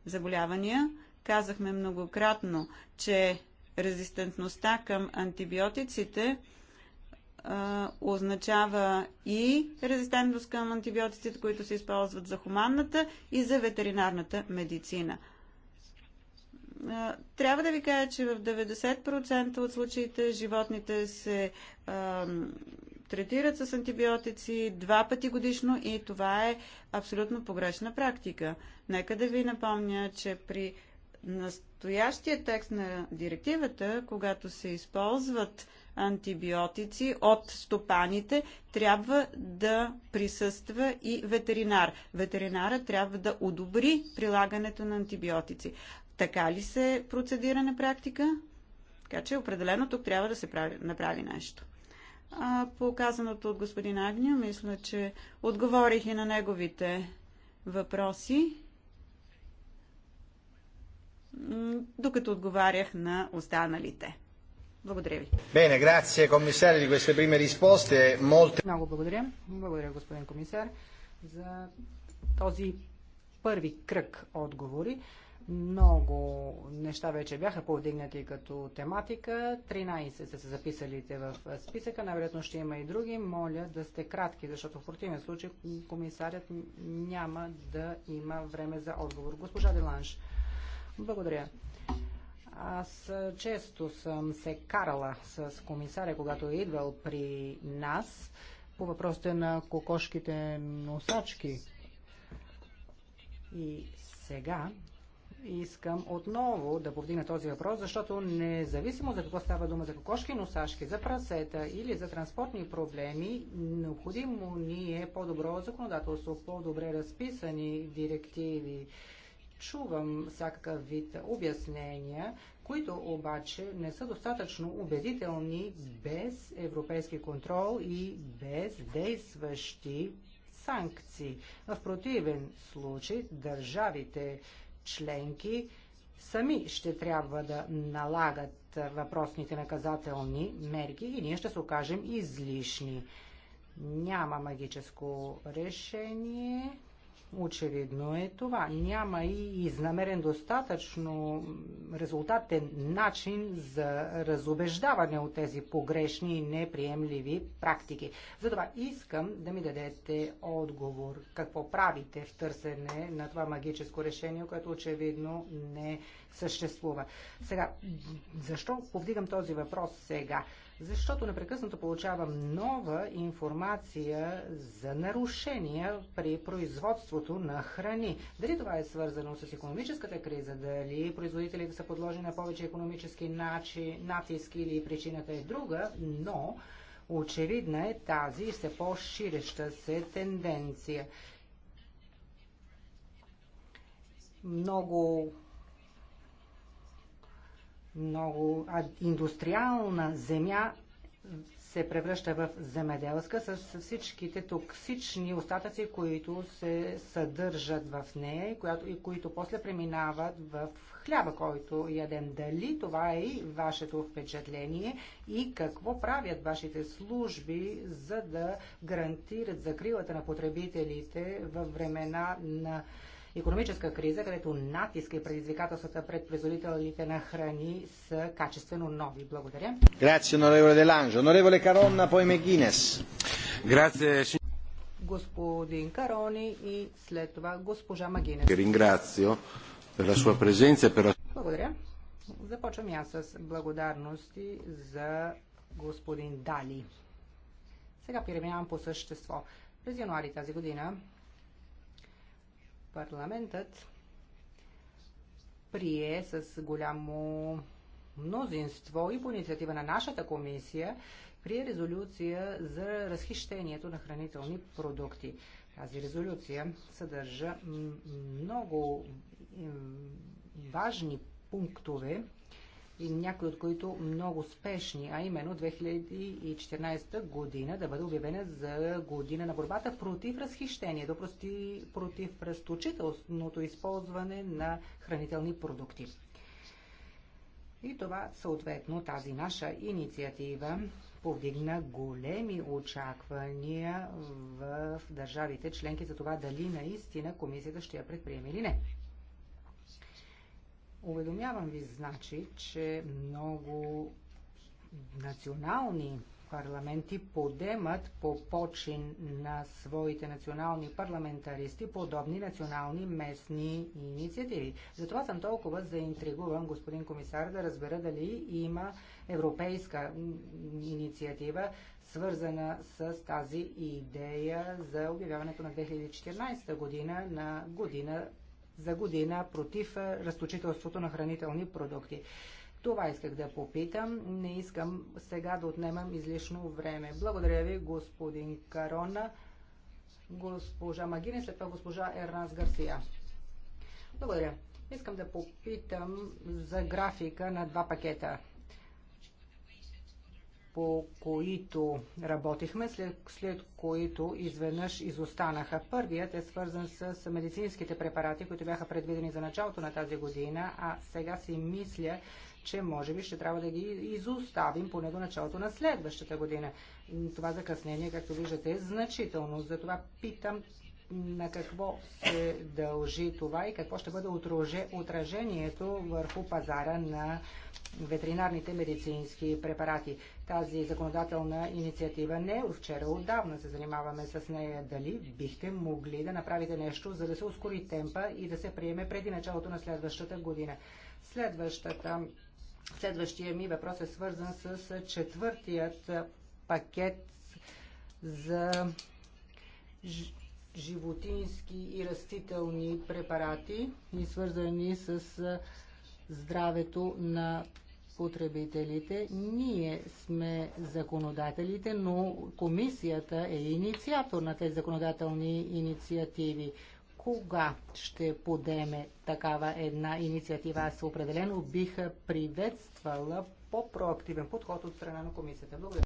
заболявания, казахме многократно, че резистентността към антибиотиците а, означава и резистентност към антибиотиците, които се използват за хуманната и за ветеринарната медицина. трябва да ви кажа, че в 90% от случаите животните се третират с антибиотици два пъти годишно и това е абсолютно погрешна практика. Нека да ви напомня, че при настоящия текст на директивата, когато се използват антибиотици от стопаните, трябва да присъства и ветеринар. Ветеринара трябва да одобри прилагането на антибиотици. Така ли се процедира на практика? Така че определено тук трябва да се направи нещо. А по казаното от господин Агния, мисля, че отговорих и на неговите въпроси, докато отговарях на останалите. Благодаря ви. Бене, грация, комисар, di queste prime risposte. Molte... Много благодаря. Благодаря, господин комисар, за този първи кръг отговори. Много неща вече бяха повдигнати като тематика. 13 са се записалите в списъка. Най-вероятно ще има и други. Моля да сте кратки, защото в противен случай комисарят няма да има време за отговор. Госпожа Деланш, благодаря. Аз често съм се карала с комисаря, когато е идвал при нас по въпросите на кокошките носачки. И сега искам отново да повдигна този въпрос, защото независимо за какво става дума, за кокошки носашки, за прасета или за транспортни проблеми, необходимо ни е по-добро законодателство, по-добре разписани директиви. Чувам всякакъв вид обяснения, които обаче не са достатъчно убедителни без европейски контрол и без действащи санкции. В противен случай държавите членки сами ще трябва да налагат въпросните наказателни мерки и ние ще се окажем излишни. Няма магическо решение. Очевидно е това. Няма и изнамерен достатъчно резултатен начин за разобеждаване от тези погрешни и неприемливи практики. Затова искам да ми дадете отговор какво правите в търсене на това магическо решение, което очевидно не съществува. Сега, защо повдигам този въпрос сега? защото непрекъснато получавам нова информация за нарушения при производството на храни. Дали това е свързано с економическата криза, дали производителите са подложени на повече економически начи, натиски или причината е друга, но очевидна е тази все по-ширеща се тенденция. Много много индустриална земя се превръща в земеделска с всичките токсични остатъци, които се съдържат в нея и, която, и които после преминават в хляба, който ядем. Дали това е и вашето впечатление и какво правят вашите служби, за да гарантират закрилата на потребителите във времена на економическа криза, където натиска и предизвикателствата пред производителите на храни са качествено нови. Благодаря. Grazie, onorevole Delange. Onorevole Caronna, poi Гинес. Грация, господин Карони и след това госпожа Магинес. Ringrazio per la sua presenza e per la... Благодаря. Започвам аз с благодарности за господин Дали. Сега преминавам по същество. През януари тази година парламентът прие с голямо мнозинство и по инициатива на нашата комисия прие резолюция за разхищението на хранителни продукти. Тази резолюция съдържа много важни пунктове, и някои от които много спешни, а именно 2014 година да бъде обявена за година на борбата против разхищението, прости, против разточителното използване на хранителни продукти. И това съответно тази наша инициатива повдигна големи очаквания в държавите членки за това дали наистина комисията ще я предприеме или не. Уведомявам ви, значи, че много национални парламенти подемат по почин на своите национални парламентаристи подобни национални местни инициативи. Затова съм толкова заинтригуван, господин комисар, да разбера дали има европейска инициатива, свързана с тази идея за обявяването на 2014 година на година за година против разточителството на хранителни продукти. Това исках да попитам. Не искам сега да отнемам излишно време. Благодаря ви, господин Карона, госпожа Магини, след това госпожа Ернас Гарсия. Благодаря. Искам да попитам за графика на два пакета по които работихме, след, след които изведнъж изостанаха. Първият е свързан с медицинските препарати, които бяха предвидени за началото на тази година, а сега си мисля, че може би ще трябва да ги изоставим поне до началото на следващата година. Това закъснение, както виждате, е значително. Затова питам на какво се дължи това и какво ще бъде отражението върху пазара на ветеринарните медицински препарати. Тази законодателна инициатива не е от вчера, отдавна се занимаваме с нея. Дали бихте могли да направите нещо, за да се ускори темпа и да се приеме преди началото на следващата година? Следващата, следващия ми въпрос е свързан с четвъртият пакет за животински и растителни препарати и свързани с здравето на потребителите. Ние сме законодателите, но комисията е инициатор на тези законодателни инициативи. Кога ще подеме такава една инициатива? Аз определено биха приветствала по-проактивен подход от страна на комисията. Благодаря.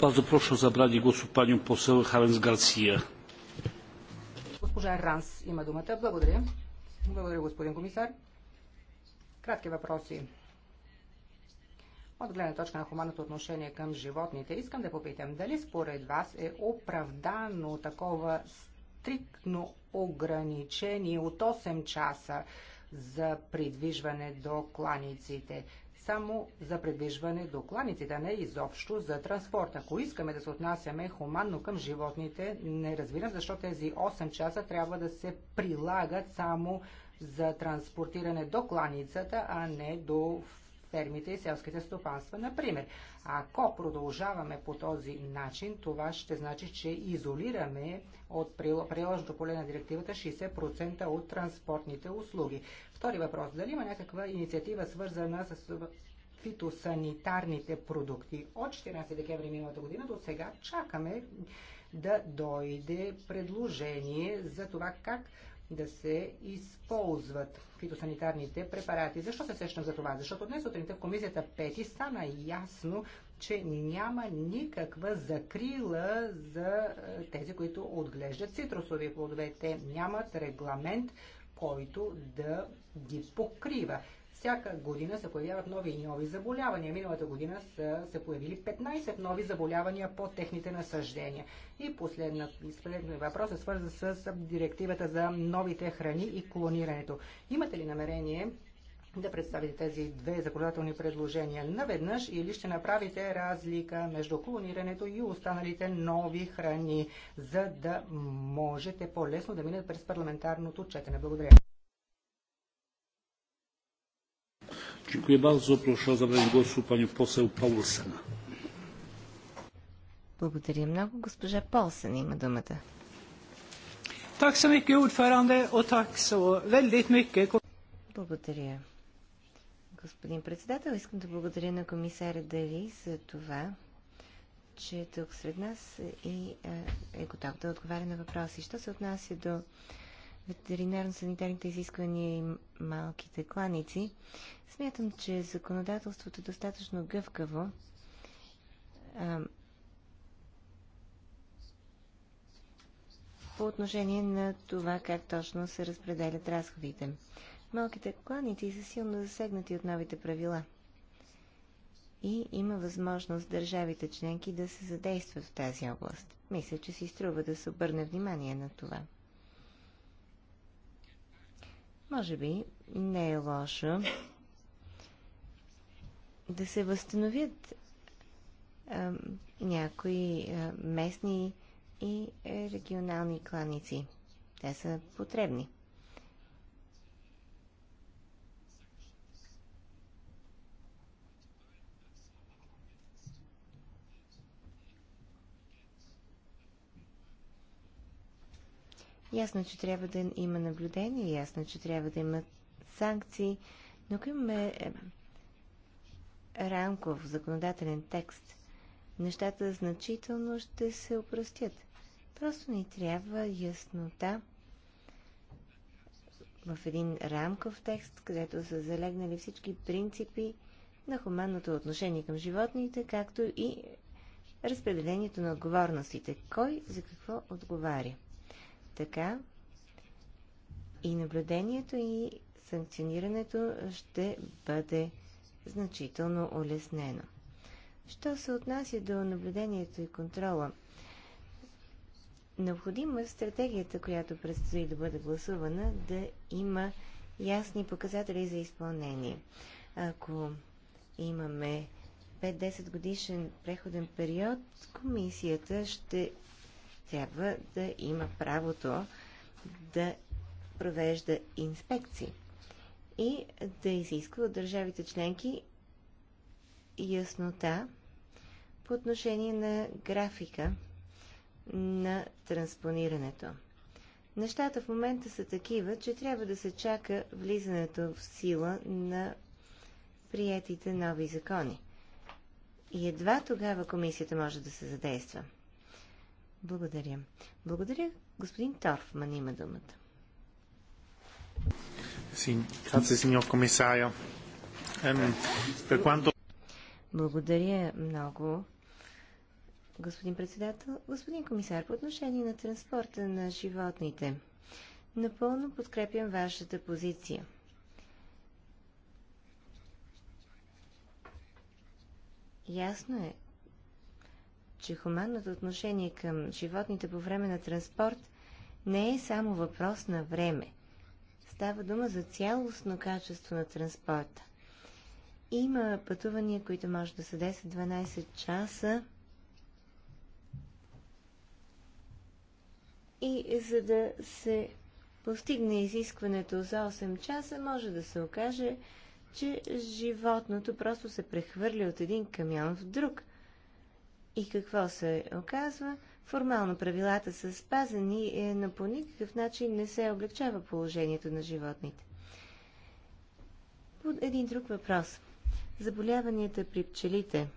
Bardzo proszę o zabranie głosu panią poseł Harens Garcia. Ранс има думата. Благодаря. Благодаря, господин комисар. Кратки въпроси. От гледна точка на хуманното отношение към животните, искам да попитам дали според вас е оправдано такова стриктно ограничение от 8 часа за придвижване до кланиците само за предвижване до кланиците, а не изобщо за транспорт. Ако искаме да се отнасяме хуманно към животните, не разбирам защо тези 8 часа трябва да се прилагат само за транспортиране до кланицата, а не до фермите и селските стопанства. Например, ако продължаваме по този начин, това ще значи, че изолираме от приложното поле на директивата 60% от транспортните услуги. Втори въпрос. Дали има някаква инициатива свързана с фитосанитарните продукти? От 14 декември миналата година до сега чакаме да дойде предложение за това как да се използват фитосанитарните препарати. Защо се срещам за това? Защото днес сутринта в комисията Пети стана ясно, че няма никаква закрила за е, тези, които отглеждат цитрусови плодове. Те нямат регламент, който да ги покрива всяка година се появяват нови и нови заболявания. Миналата година са се появили 15 нови заболявания по техните насъждения. И последният въпрос е свързан с директивата за новите храни и клонирането. Имате ли намерение да представите тези две законодателни предложения наведнъж или ще направите разлика между клонирането и останалите нови храни, за да можете по-лесно да минат през парламентарното четене. Благодаря. Dziękuję bardzo. Proszę o zabranie głosu panią poseł Paulsen. Благодаря много. Госпожа Полсен има думата. Так så mycket ordförande och tack så väldigt Благодаря. Господин председател, искам да благодаря на комисаря Дали за това, че е тук сред нас и е, е готов да отговаря на въпроси. Що се отнася до ветеринарно-санитарните изисквания и малките кланици, смятам, че законодателството е достатъчно гъвкаво. А, по отношение на това как точно се разпределят разходите. Малките кланици са силно засегнати от новите правила. И има възможност държавите членки да се задействат в тази област. Мисля, че си струва да се обърне внимание на това. Може би не е лошо да се възстановят а, някои а, местни и регионални кланици. Те са потребни. Ясно, че трябва да има наблюдение, ясно, че трябва да има санкции, но ако имаме е, рамков законодателен текст, нещата значително ще се опростят. Просто ни трябва яснота в един рамков текст, където са залегнали всички принципи на хуманното отношение към животните, както и разпределението на отговорностите. Кой за какво отговаря? така и наблюдението и санкционирането ще бъде значително улеснено. Що се отнася до наблюдението и контрола? Необходимо е стратегията, която предстои да бъде гласувана, да има ясни показатели за изпълнение. Ако имаме 5-10 годишен преходен период, комисията ще трябва да има правото да провежда инспекции и да изисква от държавите членки яснота по отношение на графика на транспонирането. Нещата в момента са такива, че трябва да се чака влизането в сила на приятите нови закони. И едва тогава комисията може да се задейства. Благодаря. Благодаря. Господин Торфман има думата. Ehm, Благодаря много, господин председател. Господин комисар, по отношение на транспорта на животните, напълно подкрепям вашата позиция. Ясно е, че хуманното отношение към животните по време на транспорт не е само въпрос на време. Става дума за цялостно качество на транспорта. Има пътувания, които може да са 10-12 часа. И за да се постигне изискването за 8 часа, може да се окаже, че животното просто се прехвърля от един камион в друг. И какво се оказва? Формално правилата са спазени, но по никакъв начин не се облегчава положението на животните. Под един друг въпрос. Заболяванията при пчелите.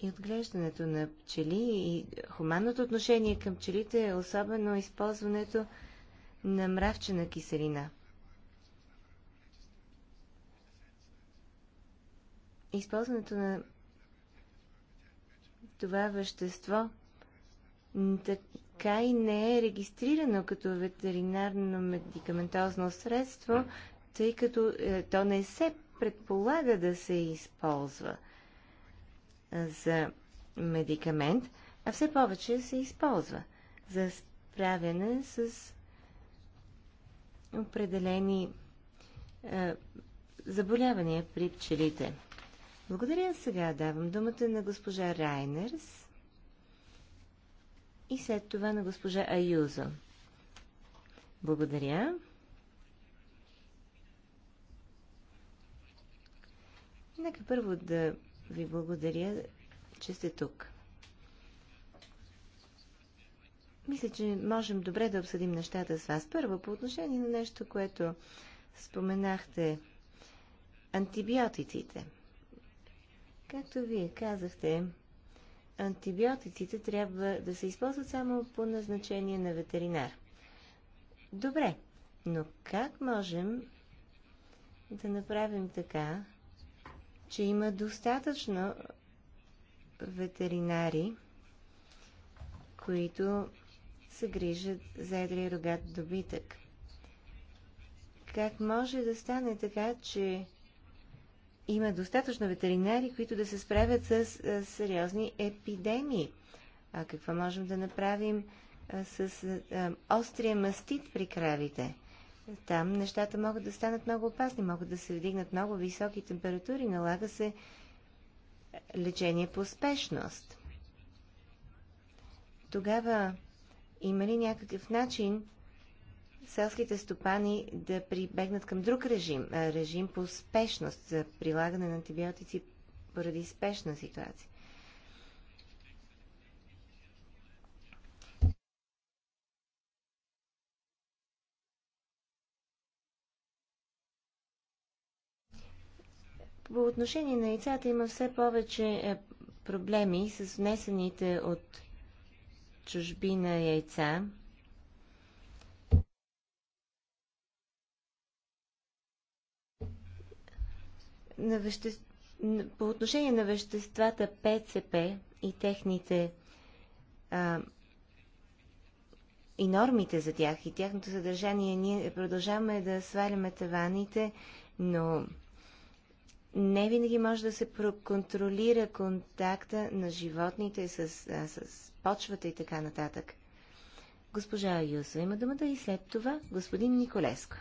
И отглеждането на пчели и хуманното отношение към пчелите е особено използването на мравчена киселина. използването на това вещество така и не е регистрирано като ветеринарно медикаментозно средство, тъй като е, то не се предполага да се използва за медикамент, а все повече се използва за справяне с определени е, заболявания при пчелите. Благодаря. Сега давам думата на госпожа Райнерс и след това на госпожа Аюзо. Благодаря. Нека първо да ви благодаря, че сте тук. Мисля, че можем добре да обсъдим нещата с вас. Първо, по отношение на нещо, което споменахте, антибиотиците – Както вие казахте, антибиотиците трябва да се използват само по назначение на ветеринар. Добре, но как можем да направим така, че има достатъчно ветеринари, които се грижат за едрия рогат добитък? Как може да стане така, че има достатъчно ветеринари, които да се справят с сериозни епидемии. А какво можем да направим с острия мастит при кравите? Там нещата могат да станат много опасни, могат да се вдигнат много високи температури, налага се лечение по спешност. Тогава има ли някакъв начин селските стопани да прибегнат към друг режим, режим по спешност за прилагане на антибиотици поради спешна ситуация. По отношение на яйцата има все повече е, проблеми с внесените от чужбина яйца. на веще... по отношение на веществата ПЦП и техните а, и нормите за тях и тяхното съдържание, ние продължаваме да сваляме таваните, но не винаги може да се проконтролира контакта на животните с, а, с почвата и така нататък. Госпожа Юса има думата и след това господин Николеско.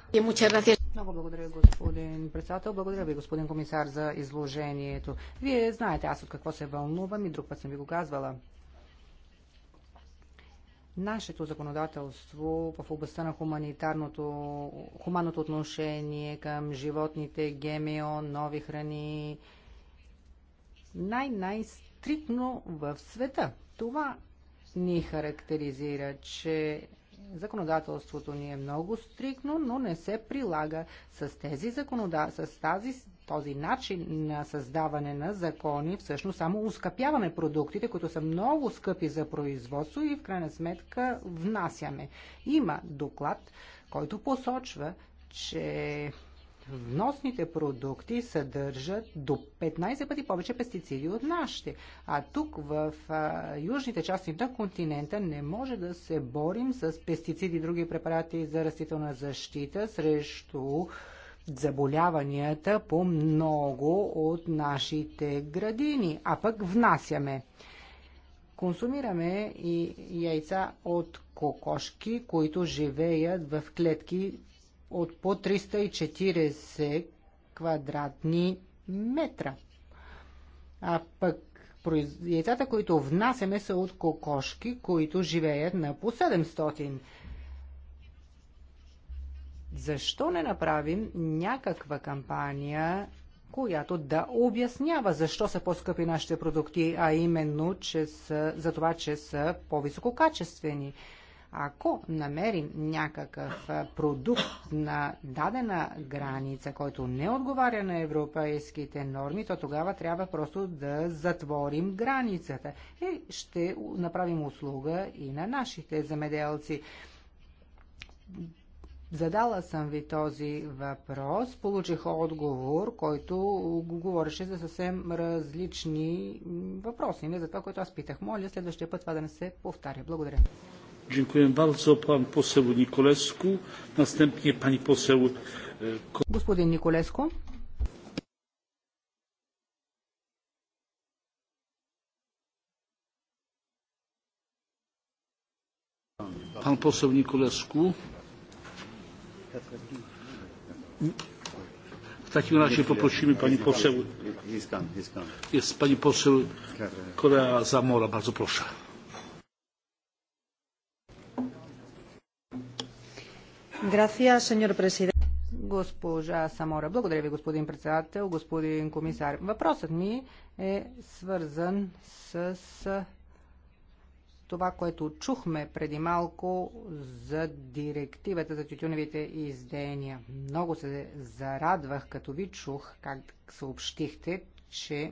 Много благодаря, господин председател. Благодаря ви, господин комисар, за изложението. Вие знаете аз от какво се вълнувам и друг път съм ви го казвала. Нашето законодателство в областта на хуманитарното, хуманното отношение към животните, ГМО, нови храни, най-най-стрикно в света. Това ни характеризира, че законодателството ни е много стрикно, но не се прилага с, тези законода... с тази, този начин на създаване на закони. Всъщност само ускъпяваме продуктите, които са много скъпи за производство и в крайна сметка внасяме. Има доклад, който посочва, че вносните продукти съдържат до 15 пъти повече пестициди от нашите. А тук в а, южните части на континента не може да се борим с пестициди и други препарати за растителна защита срещу заболяванията по много от нашите градини, а пък внасяме. Консумираме и яйца от кокошки, които живеят в клетки от по 340 квадратни метра. А пък яйцата, които внасяме, са от кокошки, които живеят на по 700. Защо не направим някаква кампания, която да обяснява защо са по-скъпи нашите продукти, а именно че са, за това, че са по-висококачествени? качествени ако намерим някакъв продукт на дадена граница, който не отговаря на европейските норми, то тогава трябва просто да затворим границата и ще направим услуга и на нашите замеделци. Задала съм ви този въпрос, получих отговор, който говореше за съвсем различни въпроси, не за това, което аз питах. Моля следващия път това да не се повтаря. Благодаря. Dziękuję bardzo. poseł Nikolescu, następnie pani poseł... Господин Николеско. Pan poseł Nikolescu. W takim razie poprosimy pani poseł. Jest pani poseł Korea Zamora, bardzo proszę. Госпожа Самора. Благодаря ви, господин председател, господин комисар. Въпросът ми е свързан с това, което чухме преди малко за директивата за тютюневите издения. Много се зарадвах, като ви чух, как съобщихте, че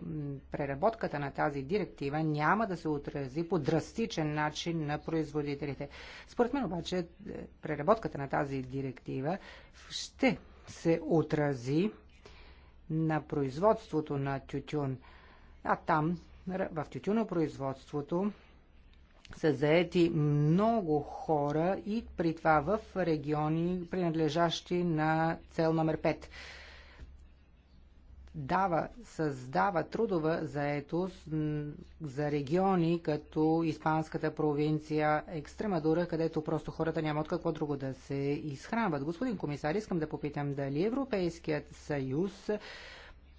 преработката на тази директива няма да се отрази по драстичен начин на производителите. Според мен обаче е, преработката на тази директива ще се отрази на производството на тютюн. А там, в тютюнопроизводството, са заети много хора и при това в региони, принадлежащи на цел номер 5 дава, създава трудова заетост за региони като испанската провинция Екстремадура, където просто хората няма от какво друго да се изхранват. Господин комисар, искам да попитам дали Европейският съюз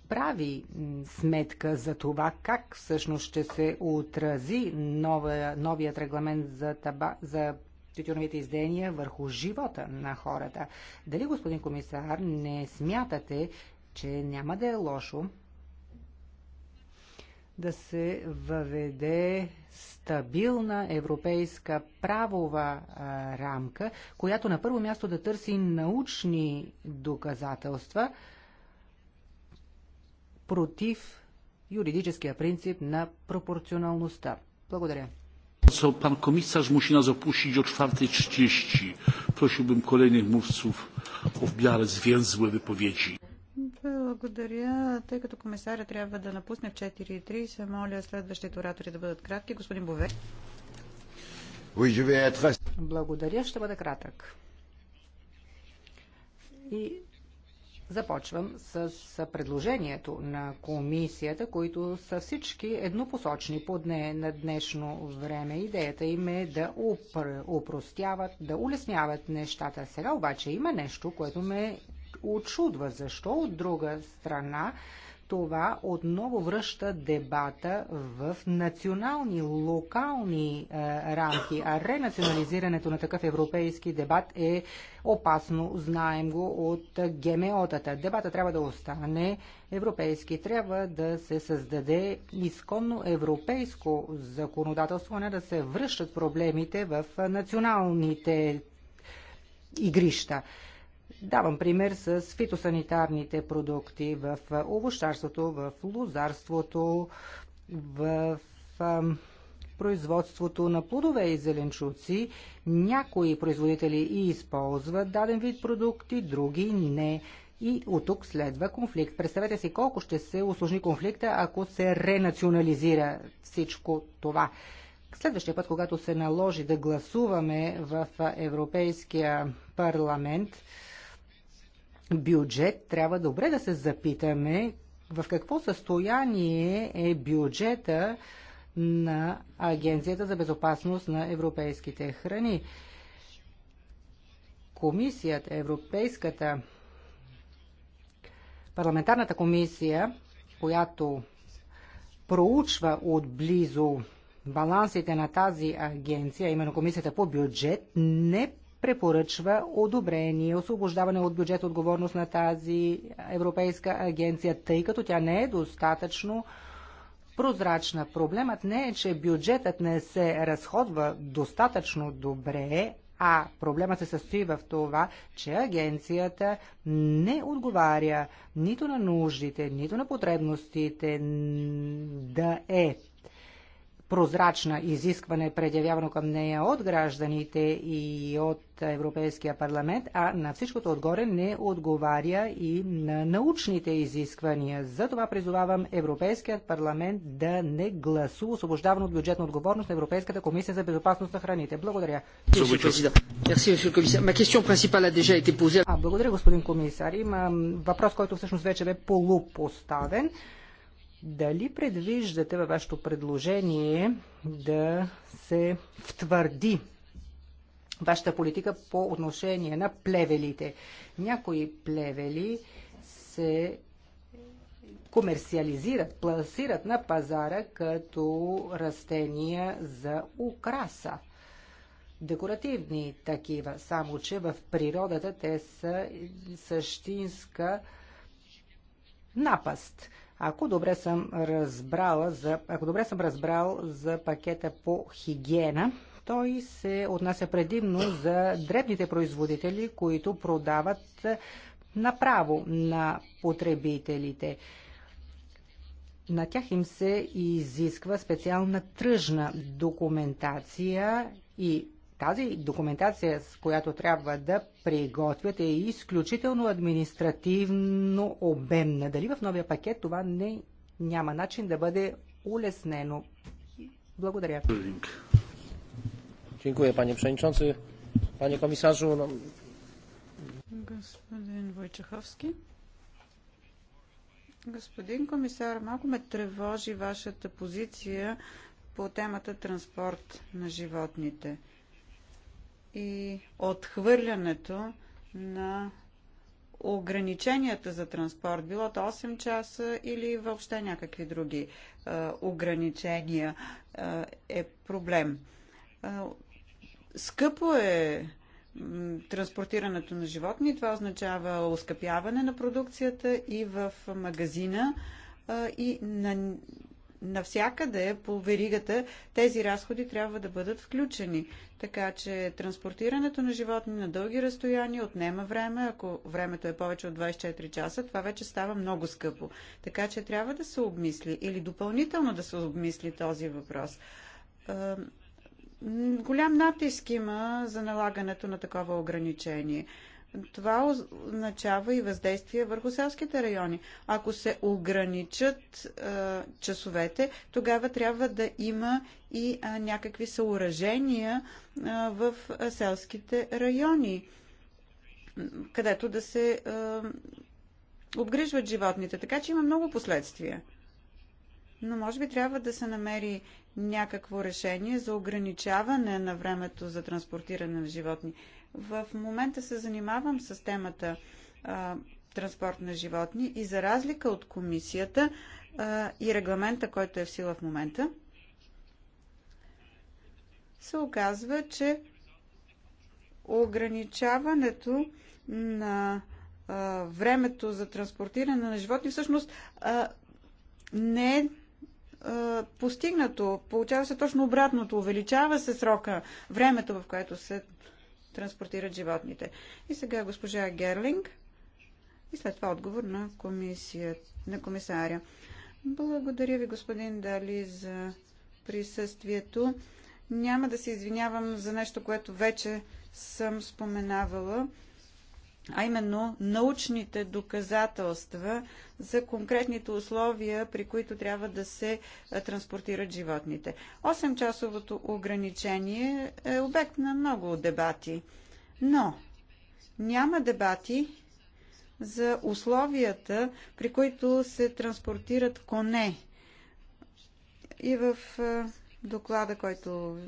прави сметка за това как всъщност ще се отрази новия, новият регламент за, таба, за тютюновите издения върху живота на хората. Дали, господин комисар, не смятате, че няма да е лошо да се въведе стабилна европейска правова а, рамка, която на първо място да търси научни доказателства против юридическия принцип на пропорционалността. Благодаря. Co Pan komisarz musi nas opuścić o 4.30. Prosiłbym kolejnych mówców o w miarę zwięzłe wypowiedzi. Благодаря. Тъй като комисаря трябва да напусне в 4.30, моля следващите оратори да бъдат кратки. Господин Бове. Благодаря, ще бъда кратък. И започвам с предложението на комисията, които са всички еднопосочни по дне на днешно време. Идеята им е да упр, упростяват, да улесняват нещата. Сега обаче има нещо, което ме очудва. Защо от друга страна това отново връща дебата в национални, локални е, рамки, а ренационализирането на такъв европейски дебат е опасно, знаем го от ГМО-тата. Дебата трябва да остане европейски, трябва да се създаде изконно европейско законодателство, а не да се връщат проблемите в националните игрища. Давам пример с фитосанитарните продукти в овощарството, в лозарството, в производството на плодове и зеленчуци. Някои производители и използват даден вид продукти, други не. И от тук следва конфликт. Представете си колко ще се усложни конфликта, ако се ренационализира всичко това. Следващия път, когато се наложи да гласуваме в Европейския парламент, бюджет, трябва добре да се запитаме в какво състояние е бюджета на Агенцията за безопасност на европейските храни. Комисията, Европейската парламентарната комисия, която проучва отблизо балансите на тази агенция, именно комисията по бюджет, не препоръчва одобрение, освобождаване от бюджет отговорност на тази Европейска агенция, тъй като тя не е достатъчно прозрачна. Проблемът не е, че бюджетът не се разходва достатъчно добре, а проблема се състои в това, че агенцията не отговаря нито на нуждите, нито на потребностите да е прозрачна изискване, предявявано към нея от гражданите и от Европейския парламент, а на всичкото отгоре не отговаря и на научните изисквания. Затова призовавам Европейският парламент да не гласува освобождаване от бюджетна отговорност на Европейската комисия за безопасност на храните. Благодаря. А, благодаря, господин комисар. Има въпрос, който всъщност вече бе полупоставен. Дали предвиждате във вашето предложение да се втвърди вашата политика по отношение на плевелите? Някои плевели се комерциализират, пласират на пазара като растения за украса. Декоративни такива, само че в природата те са същинска напаст. Ако добре съм разбрала за, ако добре съм разбрал за пакета по хигиена, той се отнася предимно за дребните производители, които продават е, направо на потребителите. На тях им се изисква специална тръжна документация и тази документация, с която трябва да приготвят, е изключително административно обемна. Дали в новия пакет това не няма начин да бъде улеснено? Благодаря. Dziękuję panie Пшеничонце. Panie комисажу. Господин Войчаховски. Господин комисар, малко ме тревожи вашата позиция по темата транспорт на животните и отхвърлянето на ограниченията за транспорт, било то 8 часа или въобще някакви други а, ограничения, а, е проблем. А, скъпо е транспортирането на животни. Това означава оскъпяване на продукцията и в магазина и на навсякъде по веригата тези разходи трябва да бъдат включени. Така че транспортирането на животни на дълги разстояния отнема време. Ако времето е повече от 24 часа, това вече става много скъпо. Така че трябва да се обмисли или допълнително да се обмисли този въпрос. Голям натиск има за налагането на такова ограничение това означава и въздействие върху селските райони. Ако се ограничат а, часовете, тогава трябва да има и а, някакви съоръжения а, в селските райони, където да се а, обгрижват животните. Така че има много последствия. Но може би трябва да се намери някакво решение за ограничаване на времето за транспортиране на животни. В момента се занимавам с темата а, транспорт на животни и за разлика от комисията а, и регламента, който е в сила в момента, се оказва, че ограничаването на а, времето за транспортиране на животни всъщност а, не е постигнато. Получава се точно обратното. Увеличава се срока, времето, в което се транспортират животните. И сега госпожа Герлинг и след това отговор на, комисия, на комисаря. Благодаря ви, господин Дали, за присъствието. Няма да се извинявам за нещо, което вече съм споменавала а именно научните доказателства за конкретните условия, при които трябва да се транспортират животните. 8-часовото ограничение е обект на много дебати, но няма дебати за условията, при които се транспортират коне. И в доклада, който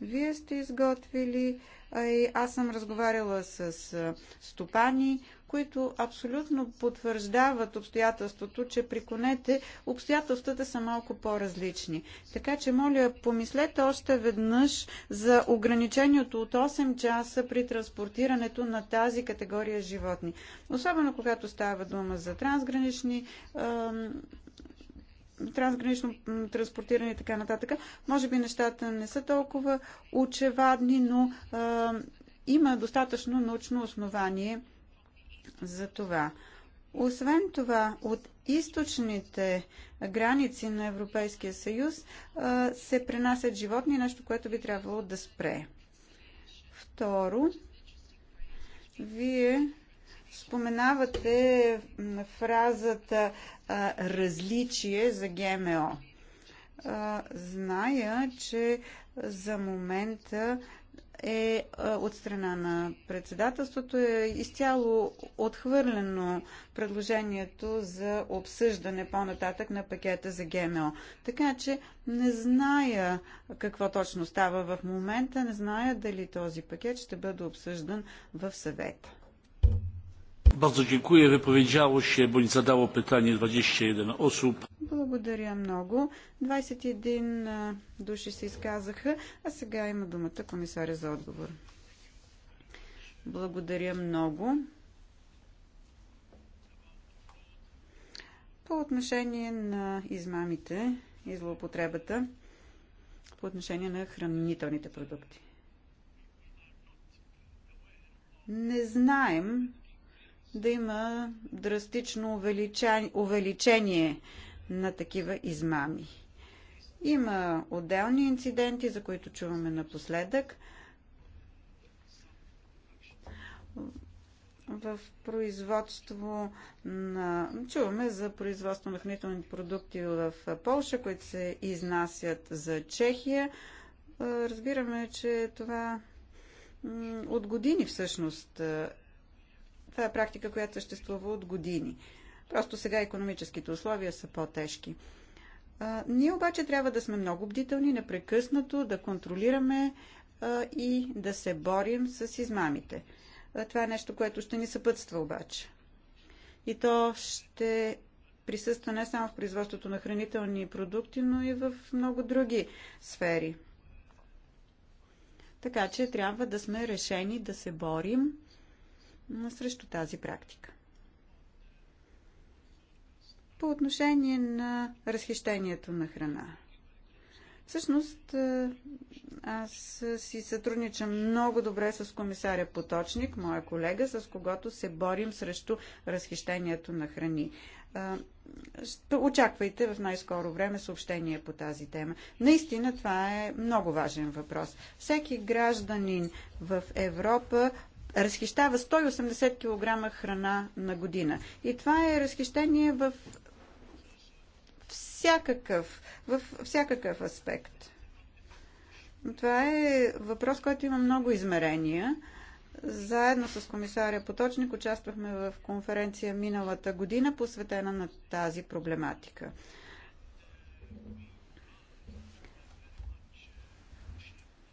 вие сте изготвили. И аз съм разговаряла с стопани, които абсолютно потвърждават обстоятелството, че при конете обстоятелствата са малко по-различни. Така че, моля, помислете още веднъж за ограничението от 8 часа при транспортирането на тази категория животни. Особено когато става дума за трансгранични трансгранично транспортиране и така нататък. Може би нещата не са толкова очевадни, но а, има достатъчно научно основание за това. Освен това, от източните граници на Европейския съюз а, се пренасят животни, нещо, което би трябвало да спре. Второ, вие Споменавате фразата а, различие за ГМО. А, зная, че за момента е от страна на председателството е изцяло отхвърлено предложението за обсъждане по-нататък на пакета за ГМО. Така че не зная какво точно става в момента, не зная дали този пакет ще бъде обсъждан в съвета. Bardzo dziękuję. Wypowiedziało się bądź zadało pytanie 21 osób. Благодаря много. 21 души се изказаха, а сега има думата комисаря за отговор. Благодаря много. По отношение на измамите и злоупотребата, по отношение на хранителните продукти. Не знаем да има драстично увеличение на такива измами. Има отделни инциденти, за които чуваме напоследък. В производство на... Чуваме за производство на хранителни продукти в Полша, които се изнасят за Чехия. Разбираме, че това от години всъщност това е практика, която съществува от години. Просто сега економическите условия са по-тежки. Ние обаче трябва да сме много бдителни, непрекъснато да контролираме а, и да се борим с измамите. А, това е нещо, което ще ни съпътства обаче. И то ще присъства не само в производството на хранителни продукти, но и в много други сфери. Така че трябва да сме решени да се борим срещу тази практика. По отношение на разхищението на храна. Всъщност, е, аз си сътрудничам много добре с комисаря Поточник, моя колега, с когото се борим срещу разхищението на храни. Е, очаквайте в най-скоро време съобщение по тази тема. Наистина това е много важен въпрос. Всеки гражданин в Европа разхищава 180 кг храна на година. И това е разхищение в всякакъв, в всякакъв аспект. Това е въпрос, който има много измерения. Заедно с комисаря Поточник участвахме в конференция миналата година, посветена на тази проблематика.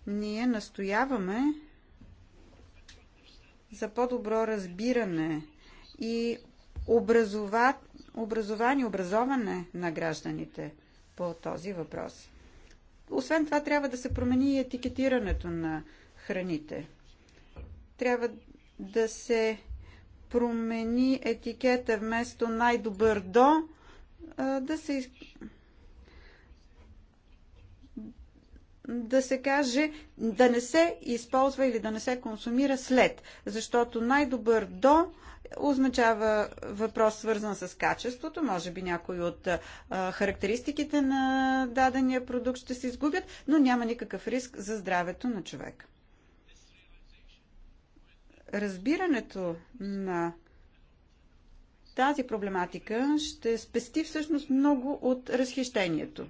Ние настояваме за по-добро разбиране и образова... образование, образоване на гражданите по този въпрос. Освен това, трябва да се промени и етикетирането на храните. Трябва да се промени етикета вместо най-добър до да се да се каже да не се използва или да не се консумира след, защото най-добър до означава въпрос свързан с качеството, може би някои от а, характеристиките на дадения продукт ще се изгубят, но няма никакъв риск за здравето на човек. Разбирането на тази проблематика ще спести всъщност много от разхищението.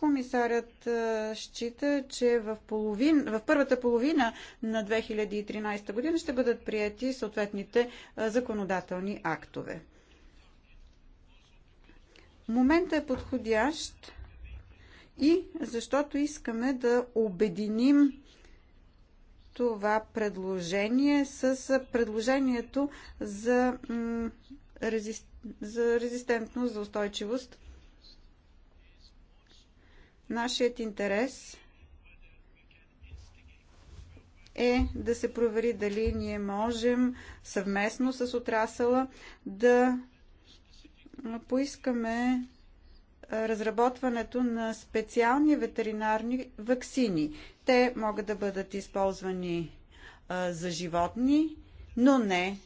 Комисарят счита, че в, половин, в първата половина на 2013 година ще бъдат прияти съответните законодателни актове. Момента е подходящ и защото искаме да обединим това предложение с предложението за, резист... за резистентност, за устойчивост Нашият интерес е да се провери дали ние можем съвместно с отрасъла да поискаме разработването на специални ветеринарни вакцини. Те могат да бъдат използвани за животни, но не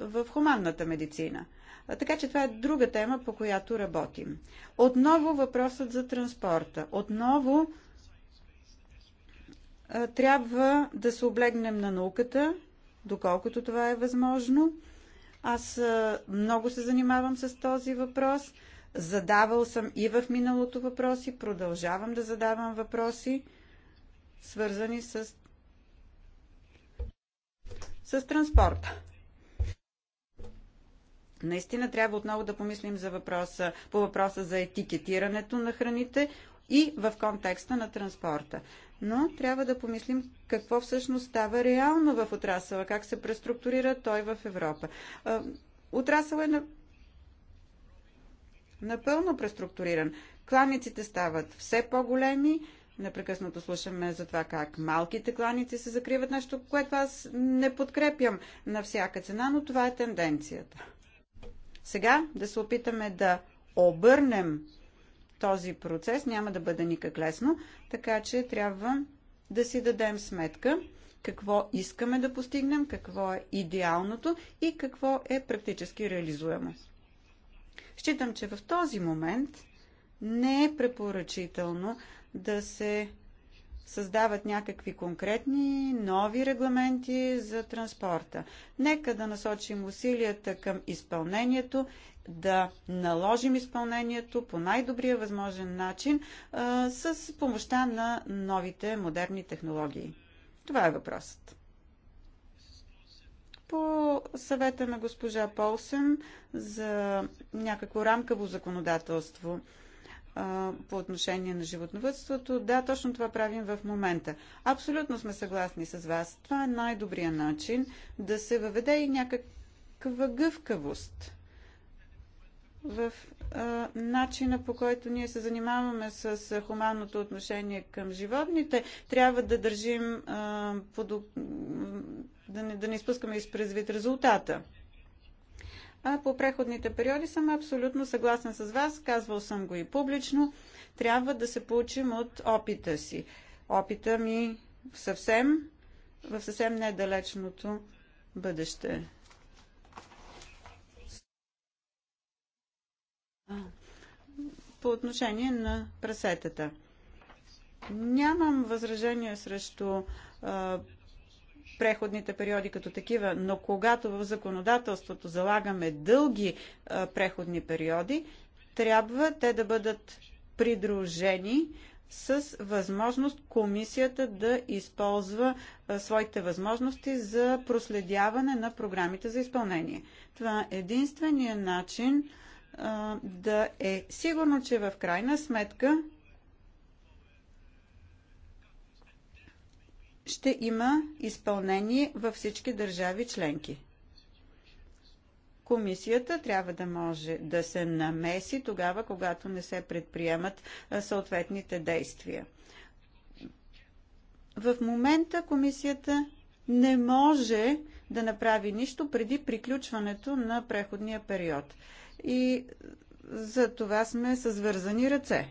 в хуманната медицина. Така че това е друга тема, по която работим. Отново въпросът за транспорта. Отново трябва да се облегнем на науката, доколкото това е възможно. Аз много се занимавам с този въпрос. Задавал съм и в миналото въпроси, продължавам да задавам въпроси, свързани с, с транспорта. Наистина трябва отново да помислим за въпроса, по въпроса за етикетирането на храните и в контекста на транспорта. Но трябва да помислим какво всъщност става реално в отрасъла, как се преструктурира той в Европа. Отрасъл е напълно преструктуриран. Кланиците стават все по-големи, Непрекъснато слушаме за това как малките кланици се закриват, нещо, което аз не подкрепям на всяка цена, но това е тенденцията. Сега да се опитаме да обърнем този процес няма да бъде никак лесно, така че трябва да си дадем сметка какво искаме да постигнем, какво е идеалното и какво е практически реализуемо. Считам, че в този момент не е препоръчително да се създават някакви конкретни нови регламенти за транспорта. Нека да насочим усилията към изпълнението, да наложим изпълнението по най-добрия възможен начин а, с помощта на новите модерни технологии. Това е въпросът. По съвета на госпожа Полсен за някакво рамково законодателство – по отношение на животновътството. Да, точно това правим в момента. Абсолютно сме съгласни с вас. Това е най-добрият начин да се въведе и някаква гъвкавост в а, начина по който ние се занимаваме с хуманното отношение към животните, трябва да държим, а, под, да, не, да не изпускаме изпрез вид резултата. А по преходните периоди съм абсолютно съгласна с вас, казвал съм го и публично. Трябва да се получим от опита си. Опита ми в съвсем, в съвсем недалечното бъдеще. По отношение на прасетата. Нямам възражение срещу а, преходните периоди като такива, но когато в законодателството залагаме дълги преходни периоди, трябва те да бъдат придружени с възможност комисията да използва своите възможности за проследяване на програмите за изпълнение. Това е единствения начин да е сигурно, че в крайна сметка ще има изпълнение във всички държави членки. Комисията трябва да може да се намеси тогава, когато не се предприемат съответните действия. В момента комисията не може да направи нищо преди приключването на преходния период. И за това сме с вързани ръце.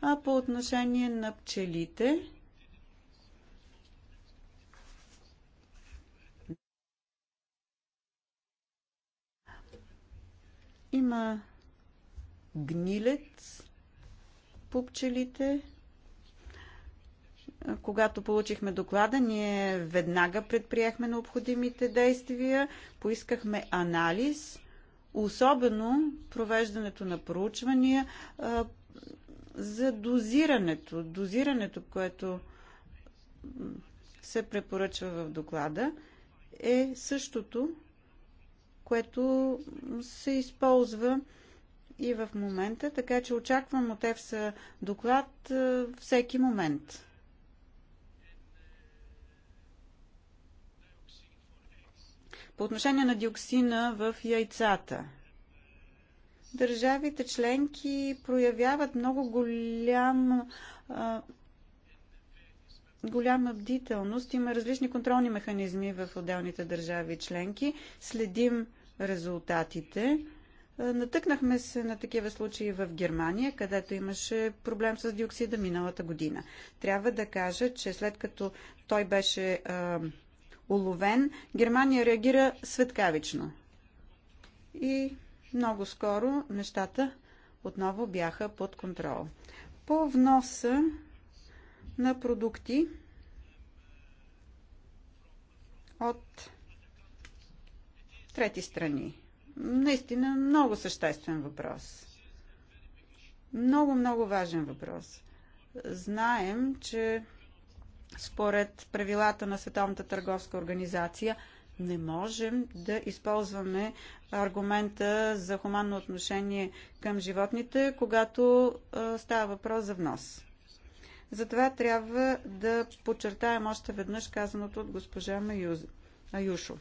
А по отношение на пчелите, има гнилец по пчелите. Когато получихме доклада, ние веднага предприехме необходимите действия, поискахме анализ, особено провеждането на проучвания за дозирането, дозирането, което се препоръчва в доклада, е същото, което се използва и в момента, така че очаквам от ЕФСА доклад всеки момент. По отношение на диоксина в яйцата държавите членки проявяват много голям голяма бдителност. Има различни контролни механизми в отделните държави членки. Следим резултатите. Натъкнахме се на такива случаи в Германия, където имаше проблем с диоксида миналата година. Трябва да кажа, че след като той беше а, уловен, Германия реагира светкавично. И много скоро нещата отново бяха под контрол. По вноса на продукти от трети страни. Наистина много съществен въпрос. Много, много важен въпрос. Знаем, че според правилата на Световната търговска организация – не можем да използваме аргумента за хуманно отношение към животните, когато става въпрос за внос. Затова трябва да подчертаем още веднъж казаното от госпожа Маюз... Аюшо.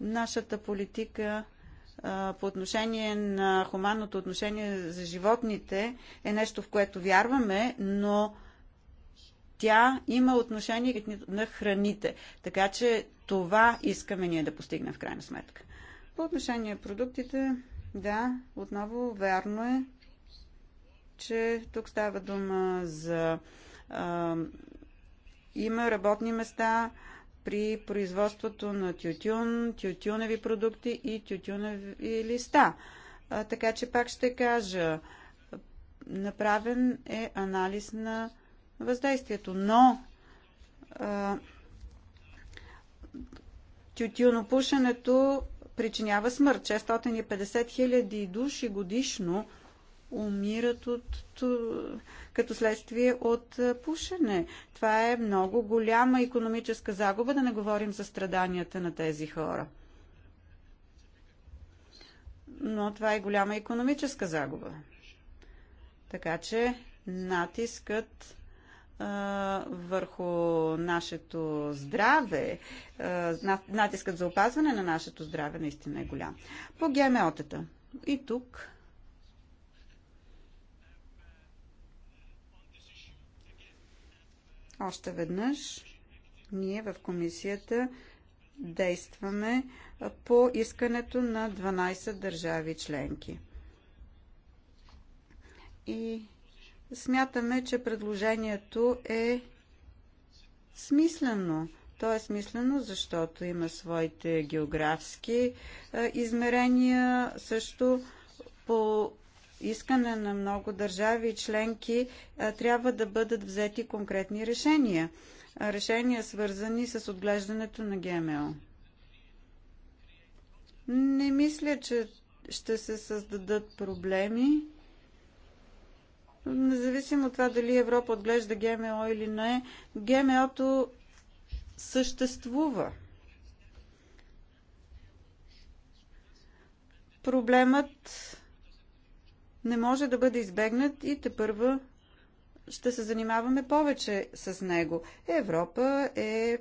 Нашата политика по отношение на хуманното отношение за животните е нещо, в което вярваме, но тя има отношение на храните. Така че това искаме ние да постигнем в крайна сметка. По отношение на продуктите, да, отново вярно е, че тук става дума за. А, има работни места при производството на тютюн, тютюневи продукти и тютюневи листа. А, така че пак ще кажа, направен е анализ на въздействието. Но тютюнопушенето причинява смърт. 650 хиляди души годишно умират от, като следствие от пушене. Това е много голяма економическа загуба, да не говорим за страданията на тези хора. Но това е голяма економическа загуба. Така че натискът върху нашето здраве, натискът за опазване на нашето здраве наистина е голям. По ГМО-тата. И тук още веднъж ние в комисията действаме по искането на 12 държави членки. И Смятаме, че предложението е смислено. То е смислено, защото има своите географски измерения, също по искане на много държави и членки трябва да бъдат взети конкретни решения. Решения свързани с отглеждането на ГМО. Не мисля, че ще се създадат проблеми независимо от това дали Европа отглежда ГМО или не, ГМО-то съществува. Проблемът не може да бъде избегнат и те първа ще се занимаваме повече с него. Европа е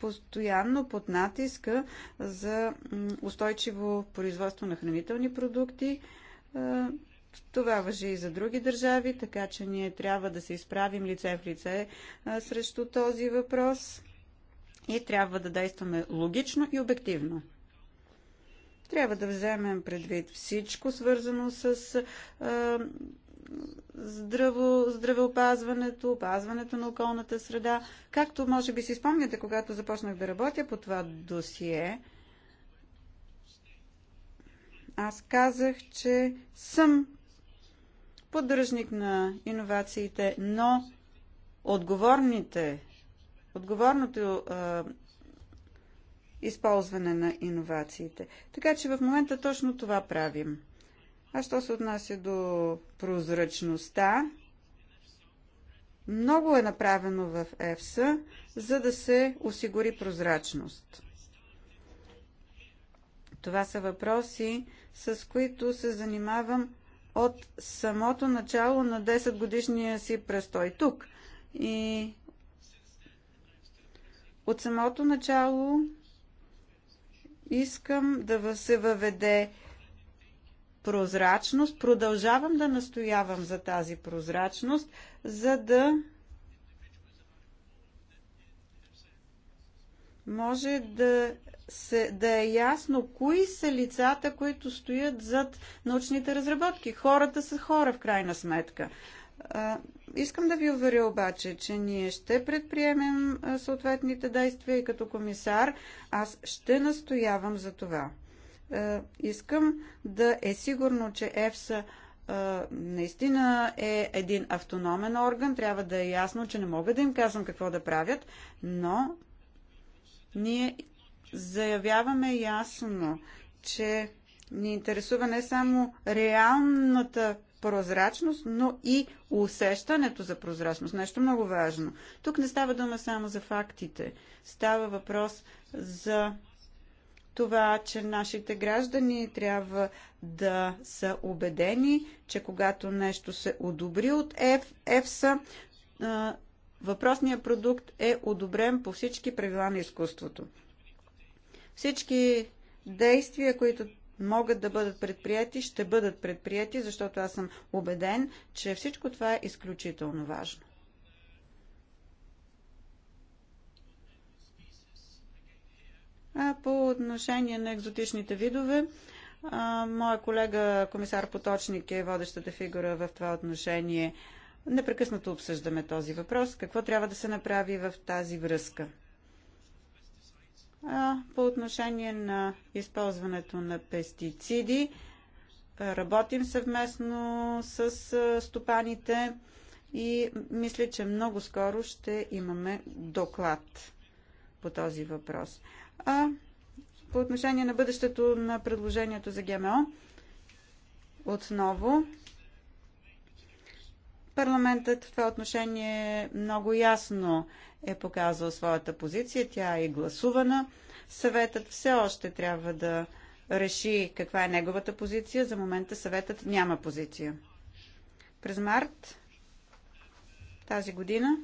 постоянно под натиска за устойчиво производство на хранителни продукти това въжи и за други държави, така че ние трябва да се изправим лице в лице а, срещу този въпрос и трябва да действаме логично и обективно. Трябва да вземем предвид всичко свързано с а, здраво, здравеопазването, опазването на околната среда. Както може би си спомняте, когато започнах да работя по това досие, аз казах, че съм поддръжник на иновациите, но отговорните, отговорното а, използване на иновациите. Така че в момента точно това правим. А що се отнася до прозрачността, много е направено в ЕФСА, за да се осигури прозрачност. Това са въпроси, с които се занимавам от самото начало на 10 годишния си престой тук. И от самото начало искам да се въведе прозрачност. Продължавам да настоявам за тази прозрачност, за да може да се, да е ясно кои са лицата, които стоят зад научните разработки. Хората са хора, в крайна сметка. А, искам да ви уверя обаче, че ние ще предприемем съответните действия и като комисар аз ще настоявам за това. А, искам да е сигурно, че ЕФСА наистина е един автономен орган, трябва да е ясно, че не мога да им казвам какво да правят, но ние заявяваме ясно, че ни интересува не само реалната прозрачност, но и усещането за прозрачност. Нещо много важно. Тук не става дума само за фактите. Става въпрос за това, че нашите граждани трябва да са убедени, че когато нещо се одобри от ЕФСА, въпросният продукт е одобрен по всички правила на изкуството. Всички действия, които могат да бъдат предприяти, ще бъдат предприяти, защото аз съм убеден, че всичко това е изключително важно. А по отношение на екзотичните видове, моя колега комисар Поточник е водещата фигура в това отношение. Непрекъснато обсъждаме този въпрос. Какво трябва да се направи в тази връзка? по отношение на използването на пестициди. Работим съвместно с стопаните и мисля, че много скоро ще имаме доклад по този въпрос. А по отношение на бъдещето на предложението за ГМО, отново парламентът в това отношение много ясно е показал своята позиция, тя е гласувана. Съветът все още трябва да реши каква е неговата позиция. За момента съветът няма позиция. През март тази година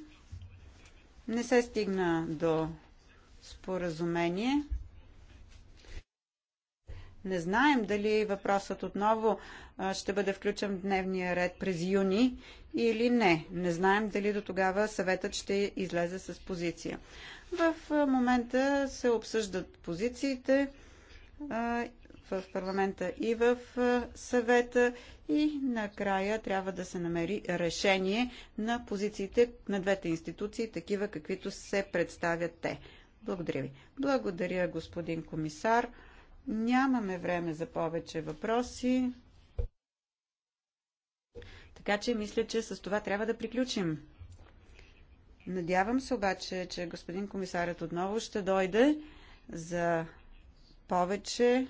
не се стигна до споразумение не знаем дали въпросът отново ще бъде включен в дневния ред през юни или не. Не знаем дали до тогава съветът ще излезе с позиция. В момента се обсъждат позициите в парламента и в съвета и накрая трябва да се намери решение на позициите на двете институции, такива каквито се представят те. Благодаря ви. Благодаря, господин комисар. Нямаме време за повече въпроси. Така че мисля, че с това трябва да приключим. Надявам се обаче, че господин комисарят отново ще дойде за повече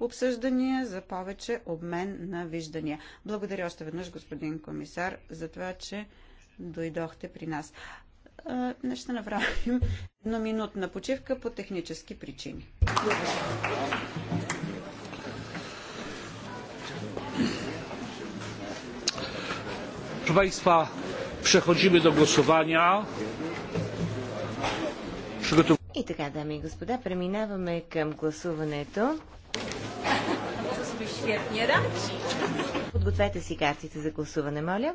обсъждания, за повече обмен на виждания. Благодаря още веднъж, господин комисар, за това, че дойдохте при нас днес ще направим едноминутна почивка по технически причини. Proszę Państwa, przechodzimy do głosowania. И така, дами и господа, преминаваме към гласуването. Подгответе си картите за гласуване, моля.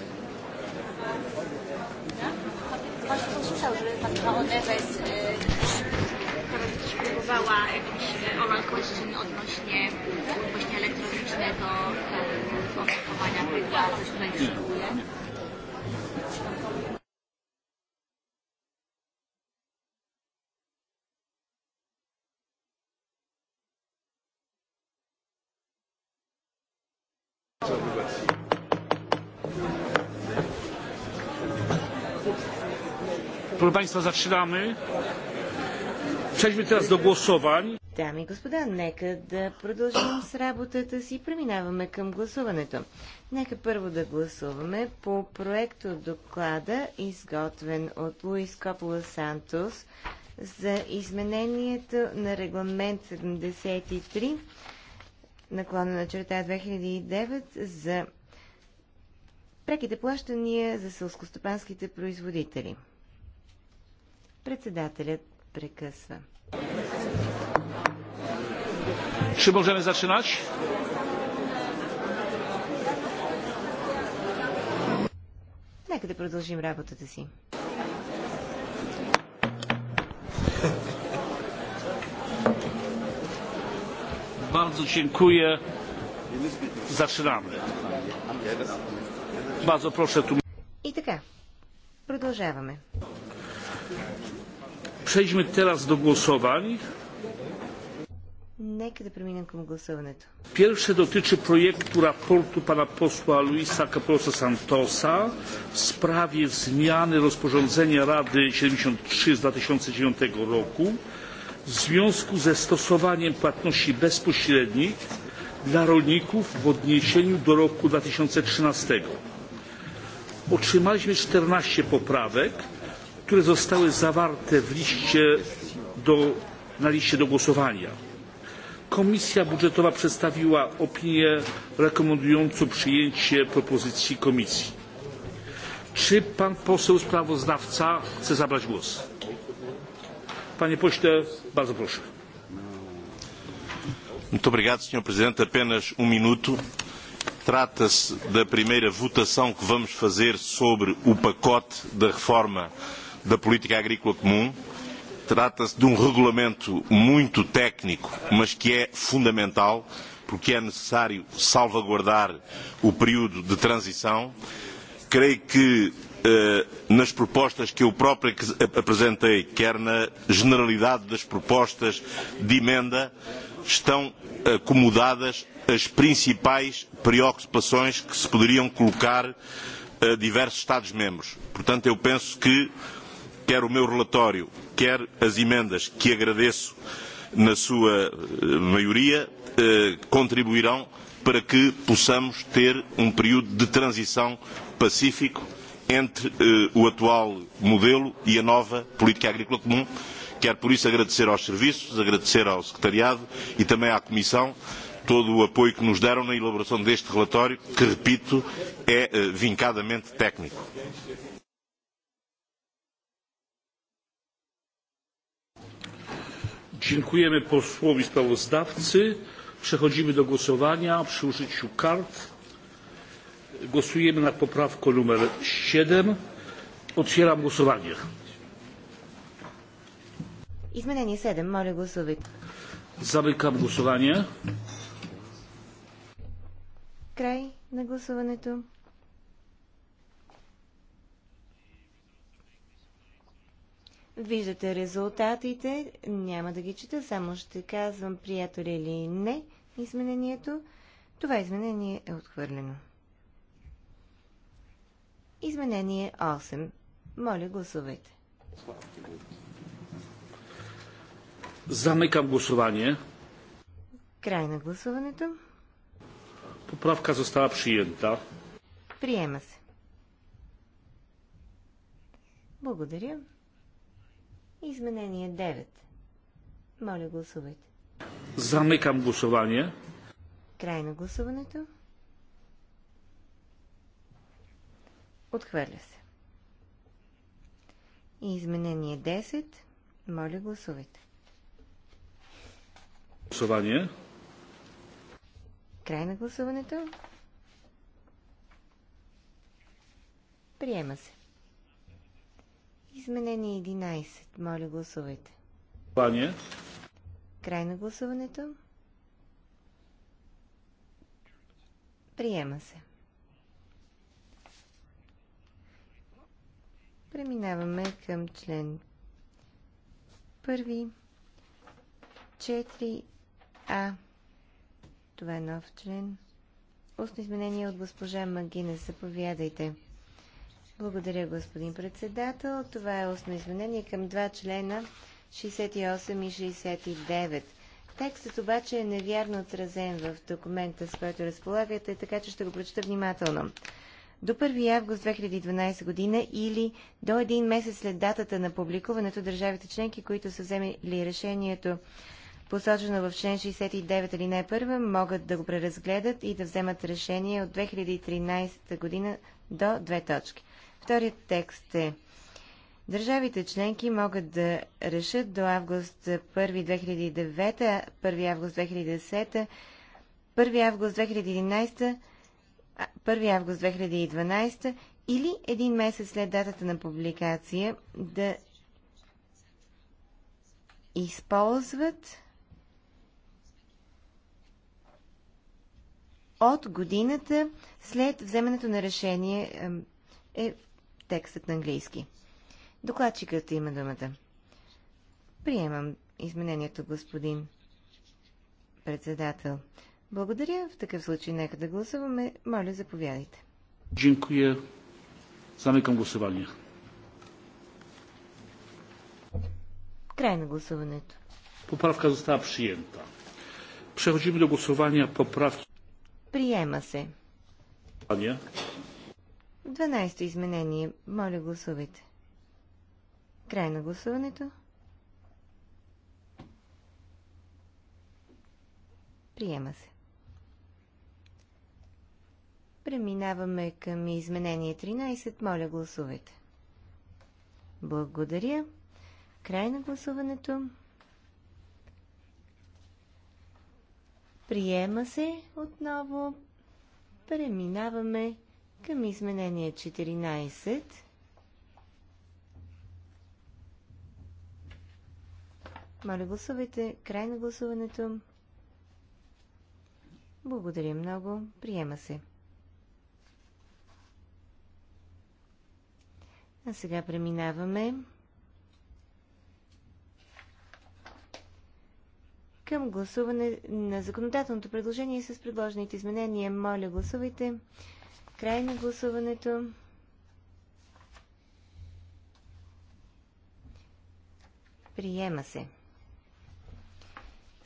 do postępowania pykła Proszę Państwa, zaczynamy. Przejdźmy teraz do głosowań. Дами и господа, нека да продължим с работата си. Преминаваме към гласуването. Нека първо да гласуваме по проект от доклада, изготвен от Луис Копола Сантос за изменението на регламент 73 наклона на черта 2009 за преките плащания за селскостопанските производители. Председателят прекъсва. Czy możemy zaczynać? Tak, gdy да продължим работата си. Bardzo dziękuję. Zaczynamy. Bardzo proszę tu. I tak, продължаваме. Przejdźmy teraz do głosowań. Pierwsze dotyczy projektu raportu pana posła Luisa Caprosa Santosa w sprawie zmiany rozporządzenia Rady 73 z 2009 roku w związku ze stosowaniem płatności bezpośrednich dla rolników w odniesieniu do roku 2013. Otrzymaliśmy 14 poprawek które zostały zawarte na liście do głosowania. Komisja Budżetowa przedstawiła opinię rekomendującą przyjęcie propozycji Komisji. Czy pan poseł sprawozdawca chce zabrać głos? Panie pośle, bardzo proszę. Muito obrigado, Sr. Presidente. Apenas um minuto. Trata-se da primeira votação que vamos fazer sobre o pacote da reforma uh, da Política Agrícola Comum. Trata-se de um regulamento muito técnico, mas que é fundamental, porque é necessário salvaguardar o período de transição. Creio que nas propostas que eu próprio apresentei, quer na generalidade das propostas de emenda, estão acomodadas as principais preocupações que se poderiam colocar a diversos Estados-membros. Portanto, eu penso que quer o meu relatório, quer as emendas, que agradeço na sua maioria, contribuirão para que possamos ter um período de transição pacífico entre o atual modelo e a nova política agrícola comum. Quero por isso agradecer aos serviços, agradecer ao secretariado e também à Comissão todo o apoio que nos deram na elaboração deste relatório, que, repito, é vincadamente técnico. Dziękujemy posłowi sprawozdawcy. Przechodzimy do głosowania przy użyciu kart. Głosujemy nad poprawką numer 7. Otwieram głosowanie. Zamykam 7. Моля гласувайте. Виждате резултатите, няма да ги чета, само ще казвам приятел или е не изменението. Това изменение е отхвърлено. Изменение 8. Моля, гласувайте. Замекам гласование. Край на гласуването. Поправка застава приемта. Приема се. Благодаря. Изменение 9. Моля, гласувайте. Замикам гласуване. Край на гласуването. Отхвърля се. И изменение 10. Моля, гласувайте. Гласуване. Край на гласуването. Приема се. Изменение 11. Моля, гласувайте. Пане. Край на гласуването. Приема се. Преминаваме към член първи. 4А. Това е нов член. Устно изменение от госпожа Магина. Заповядайте. Благодаря, господин председател. Това е устно изменение към два члена 68 и 69. Текстът обаче е невярно отразен в документа, с който разполагате, така че ще го прочета внимателно. До 1 август 2012 година или до един месец след датата на публикуването държавите членки, които са вземели решението посочено в член 69 или не първа, могат да го преразгледат и да вземат решение от 2013 година до две точки. Вторият текст е Държавите членки могат да решат до август 1 2009, 1 август 2010, 1 август 2011, 1 август 2012 или един месец след датата на публикация да използват от годината след вземането на решение е текстът на английски. Докладчикът има думата. Приемам изменението, господин председател. Благодаря. В такъв случай нека да гласуваме. Моля, заповядайте. Дякую. към гласуване. Край на гласуването. Поправка застава przyjęta. Преходим до głosowania поправки. Приема се. Panie. 12-то изменение. Моля, гласувайте. Край на гласуването. Приема се. Преминаваме към изменение 13. Моля, гласувайте. Благодаря. Край на гласуването. Приема се отново. Преминаваме към изменение 14. Моля гласувайте. Край на гласуването. Благодаря много. Приема се. А сега преминаваме към гласуване на законодателното предложение с предложените изменения. Моля, гласувайте. Край на гласуването. Приема се.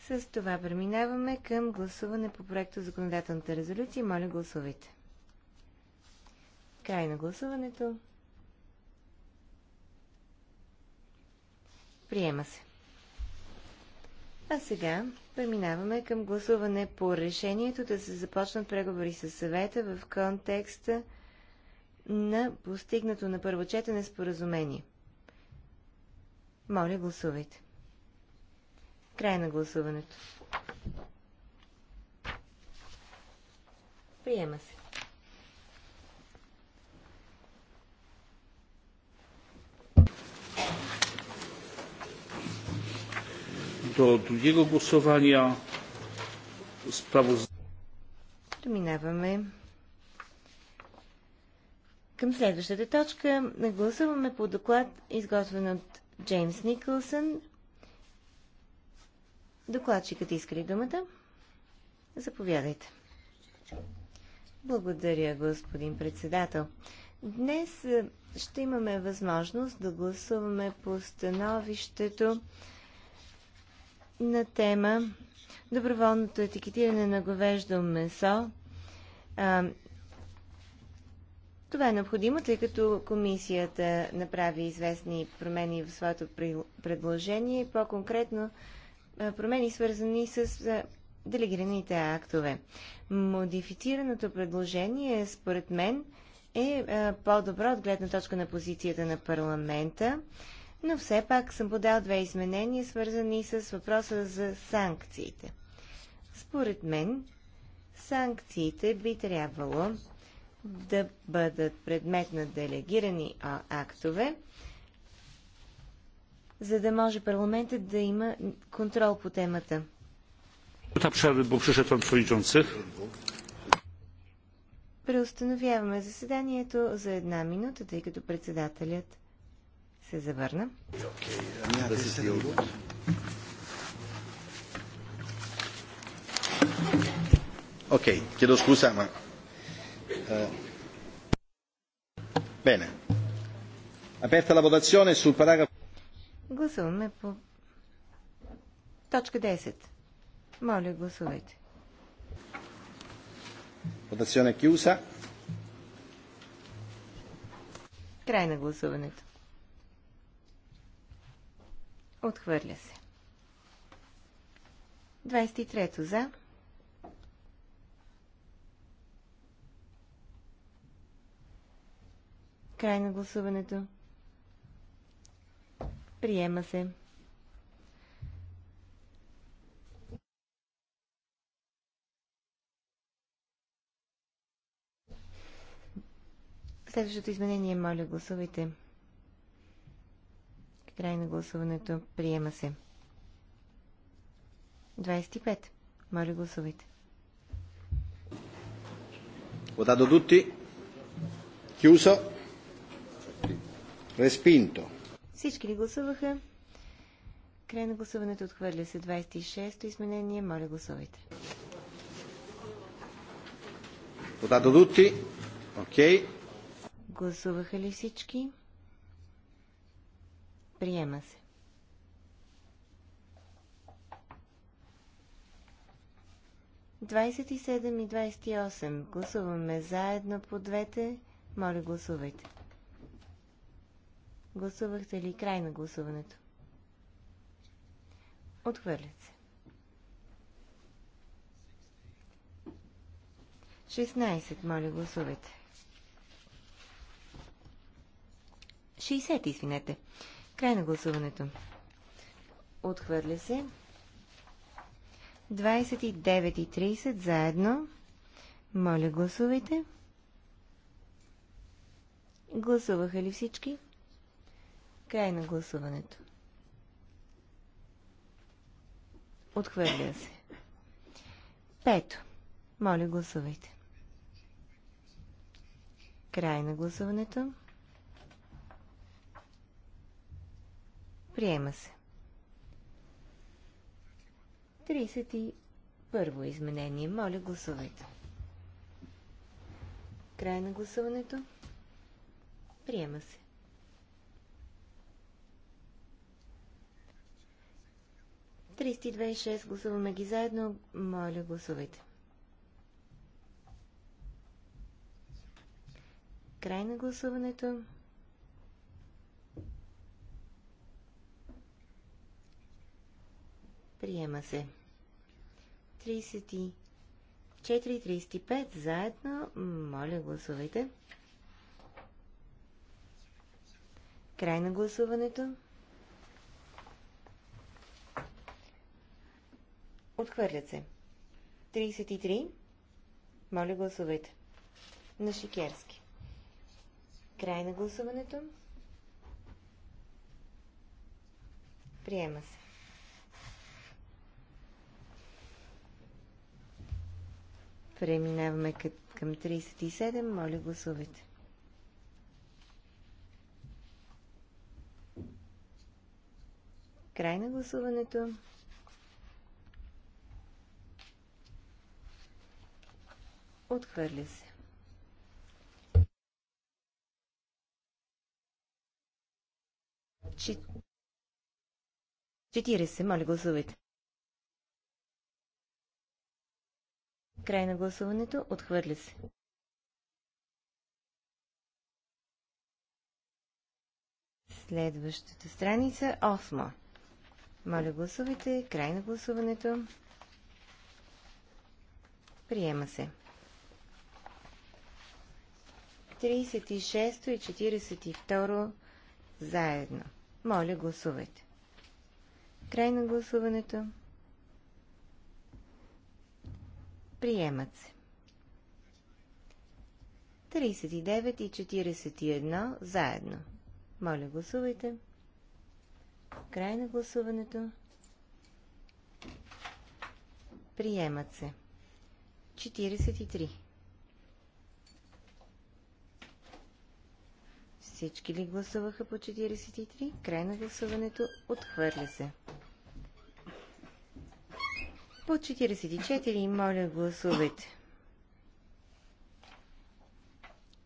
С това преминаваме към гласуване по проекта законодателната резолюция. Моля, гласувайте. Край на гласуването. Приема се. А сега преминаваме към гласуване по решението да се започнат преговори с съвета в контекста на постигнато на първо четене споразумение. Моля, гласувайте. Край на гласуването. Приема се. do drugiego głosowania. Преминаваме към следващата точка. Гласуваме по доклад, изготвен от Джеймс Никълсън. Докладчикът иска ли думата? Заповядайте. Благодаря, господин председател. Днес е, ще имаме възможност да гласуваме по становището на тема доброволното етикетиране на говеждо месо. А, това е необходимо, тъй като комисията направи известни промени в своето предложение, по-конкретно промени свързани с делегираните актове. Модифицираното предложение, според мен, е по-добро от гледна точка на позицията на парламента но все пак съм подал две изменения, свързани с въпроса за санкциите. Според мен, санкциите би трябвало да бъдат предмет на делегирани актове, за да може парламентът да има контрол по темата. Преустановяваме заседанието за една минута, тъй като председателят се завърна. Ok, chiedo scusa, ma... Eh, bene. Aperta la votazione sul paragrafo... Гласуваме по точка 10. Моля, гласувайте. Votazione chiusa. Край на гласуването. Отхвърля се. 23 за. Край на гласуването. Приема се. Следващото изменение, моля, гласувайте. Край на гласуването. Приема се. 25. Моля гласувайте. Votato tutti. Chiuso. Respinto. Всички ли гласуваха? Край на гласуването отхвърля се 26-то изменение. Моля гласувайте. Votato tutti. Окей. Okay. Гласуваха ли всички? Приема се. Двадесет и седем и двадесет и осем. Гласуваме заедно по двете. Моля, гласувайте. Гласувахте ли край на гласуването? Отхвърлят се. 16, моля гласувайте. 60, извинете. Край на гласуването. Отхвърля се. 29 и 30 заедно. Моля, гласувайте. Гласуваха ли всички? Край на гласуването. Отхвърля се. Пето. Моля, гласувайте. Край на гласуването. Приема се. 31 изменение. Моля, гласувайте. Край на гласуването. Приема се. 326 Гласуваме ги заедно. Моля, гласувайте. Край на гласуването. Приема се. 34 35 заедно. Моля, гласувайте. Край на гласуването. Отхвърлят се. 33. Моля, гласувайте. На Шикерски. Край на гласуването. Приема се. Преминаваме към 37. Моля, гласувайте. Край на гласуването. Отхвърля се. Чи... Моля, гласувайте. Край на гласуването. Отхвърля се. Следващата страница, 8. Моля гласувайте. Край на гласуването. Приема се. 36 и 42 заедно. Моля гласувайте. Край на гласуването. Приемат се. 39 и 41 заедно. Моля, гласувайте. Край на гласуването. Приемат се. 43. Всички ли гласуваха по 43? Край на гласуването. Отхвърля се. По 44 моля гласувайте.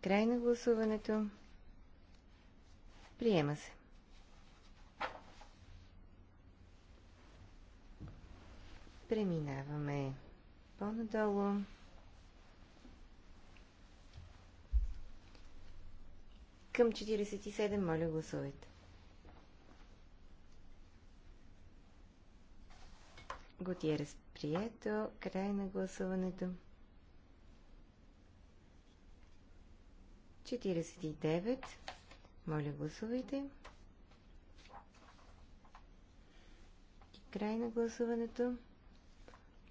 Край на гласуването. Приема се. Преминаваме по-надолу. Към 47, моля гласувайте. Готиерес прието. Край на гласуването. 49. Моля, гласувайте. И край на гласуването.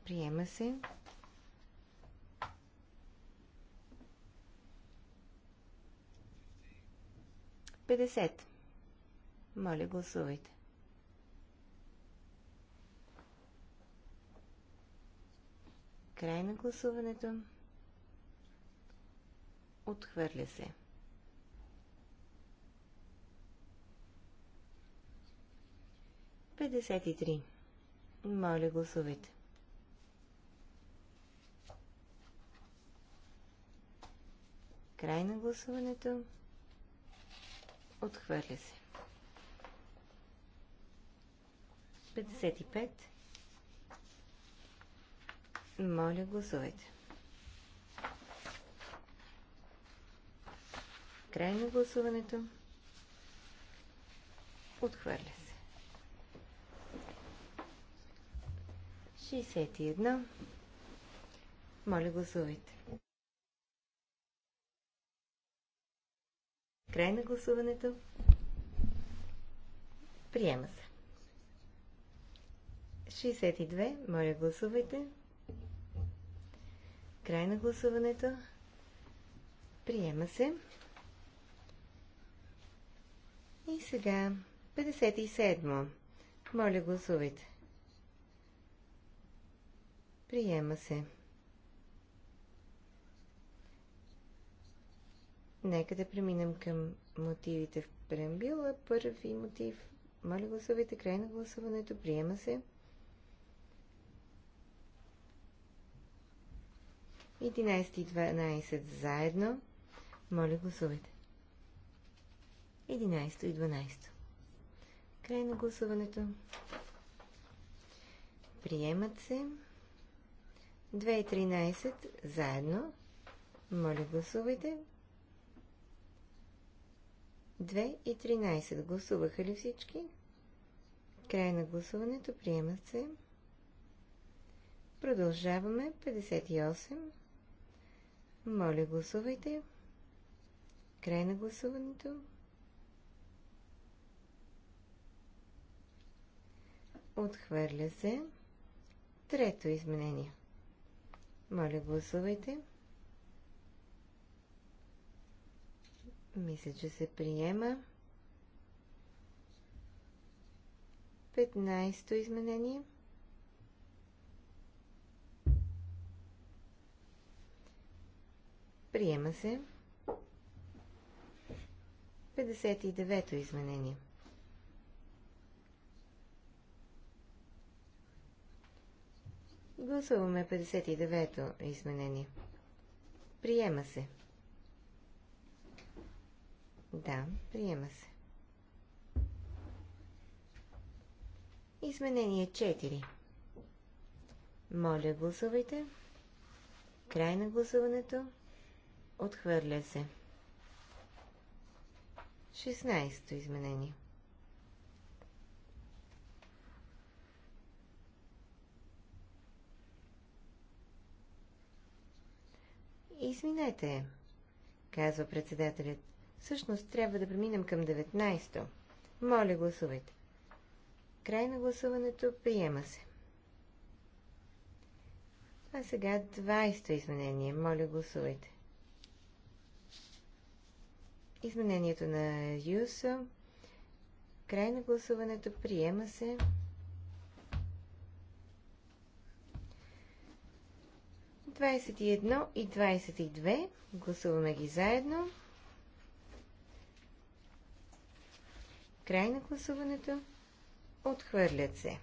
Приема се. Пятьдесят. Моля, гласувайте. Край на гласуването. Отхвърля се. Петдесет и три. Моля, гласувайте. Край на гласуването. Отхвърля се. 55. Моля, гласувайте. Край на гласуването. Отхвърля се. 61. Моля, гласувайте. Край на гласуването. Приема се. 62. Моля, гласувайте. Край на гласуването. Приема се. И сега 57. Моля, гласувайте. Приема се. Нека да преминем към мотивите в преамбила. Първи мотив. Моля, гласувайте. Край на гласуването. Приема се. 11 и 12 заедно. Моля, гласувайте. 11 и 12. Край на гласуването. Приемат се. 2 и 13 заедно. Моля, гласувайте. 2 и 13. Гласуваха ли всички? Край на гласуването. Приемат се. Продължаваме. 58. Моля, гласувайте. Край на гласуването. Отхвърля се. Трето изменение. Моля, гласувайте. Мисля, че се приема. Петнайсто то изменение. Приема се. 59-то изменение. Гласуваме 59-то изменение. Приема се. Да, приема се. Изменение 4. Моля, гласувайте. Край на гласуването. Отхвърля се. 16-то изменение. Извинете, казва председателят. Всъщност трябва да преминем към 19-то. Моля, гласувайте. Край на гласуването приема се. А сега 20-то изменение. Моля, гласувайте. Изменението на Юса. Край на гласуването. Приема се. Двадесет и едно и двадесет и две. Гласуваме ги заедно. Край на гласуването. Отхвърлят се.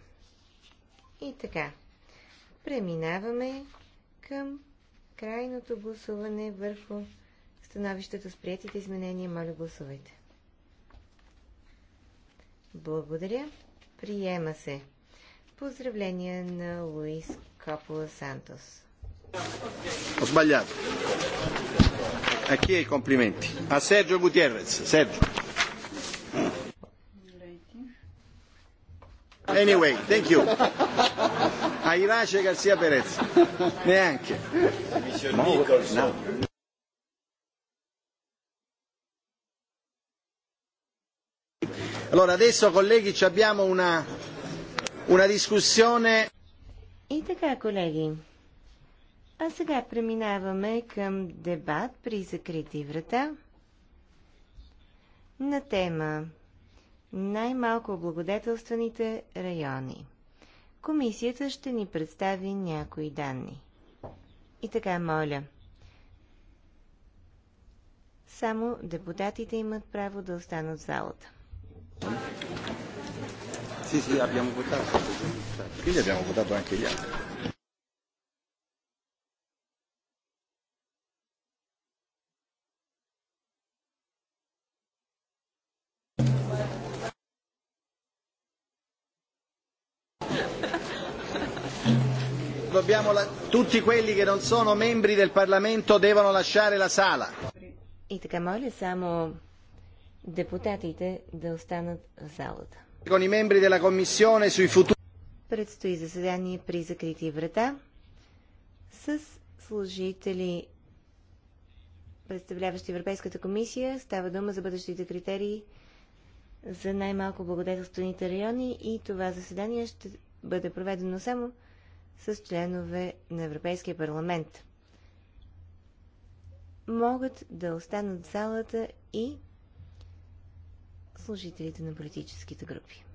И така. Преминаваме към крайното гласуване върху становището с приятите изменения. Моля, гласувайте. Благодаря. Приема се. Поздравления на Луис Капула Сантос. Ho sbagliato. A chi i complimenti? A Sergio Anyway, thank you. A Garcia Perez. Neanche. Allora adesso colleghi abbiamo una, una discussione. И така, колеги, а сега преминаваме към дебат при закрити врата на тема най-малко благодетелстваните райони. Комисията ще ни представи някои данни. И така, моля. Само депутатите имат право да останат в залата. Sì, sì, abbiamo votato. Quindi abbiamo votato anche gli altri. Dobbiamo la... Tutti quelli che non sono membri del Parlamento devono lasciare la sala. И така, депутатите да останат в залата. Предстои заседание при закрити врата с служители представляващи Европейската комисия. Става дума за бъдещите критерии за най-малко благодетелствените райони и това заседание ще бъде проведено само с членове на Европейския парламент. Могат да останат в залата и служителите на политическите групи.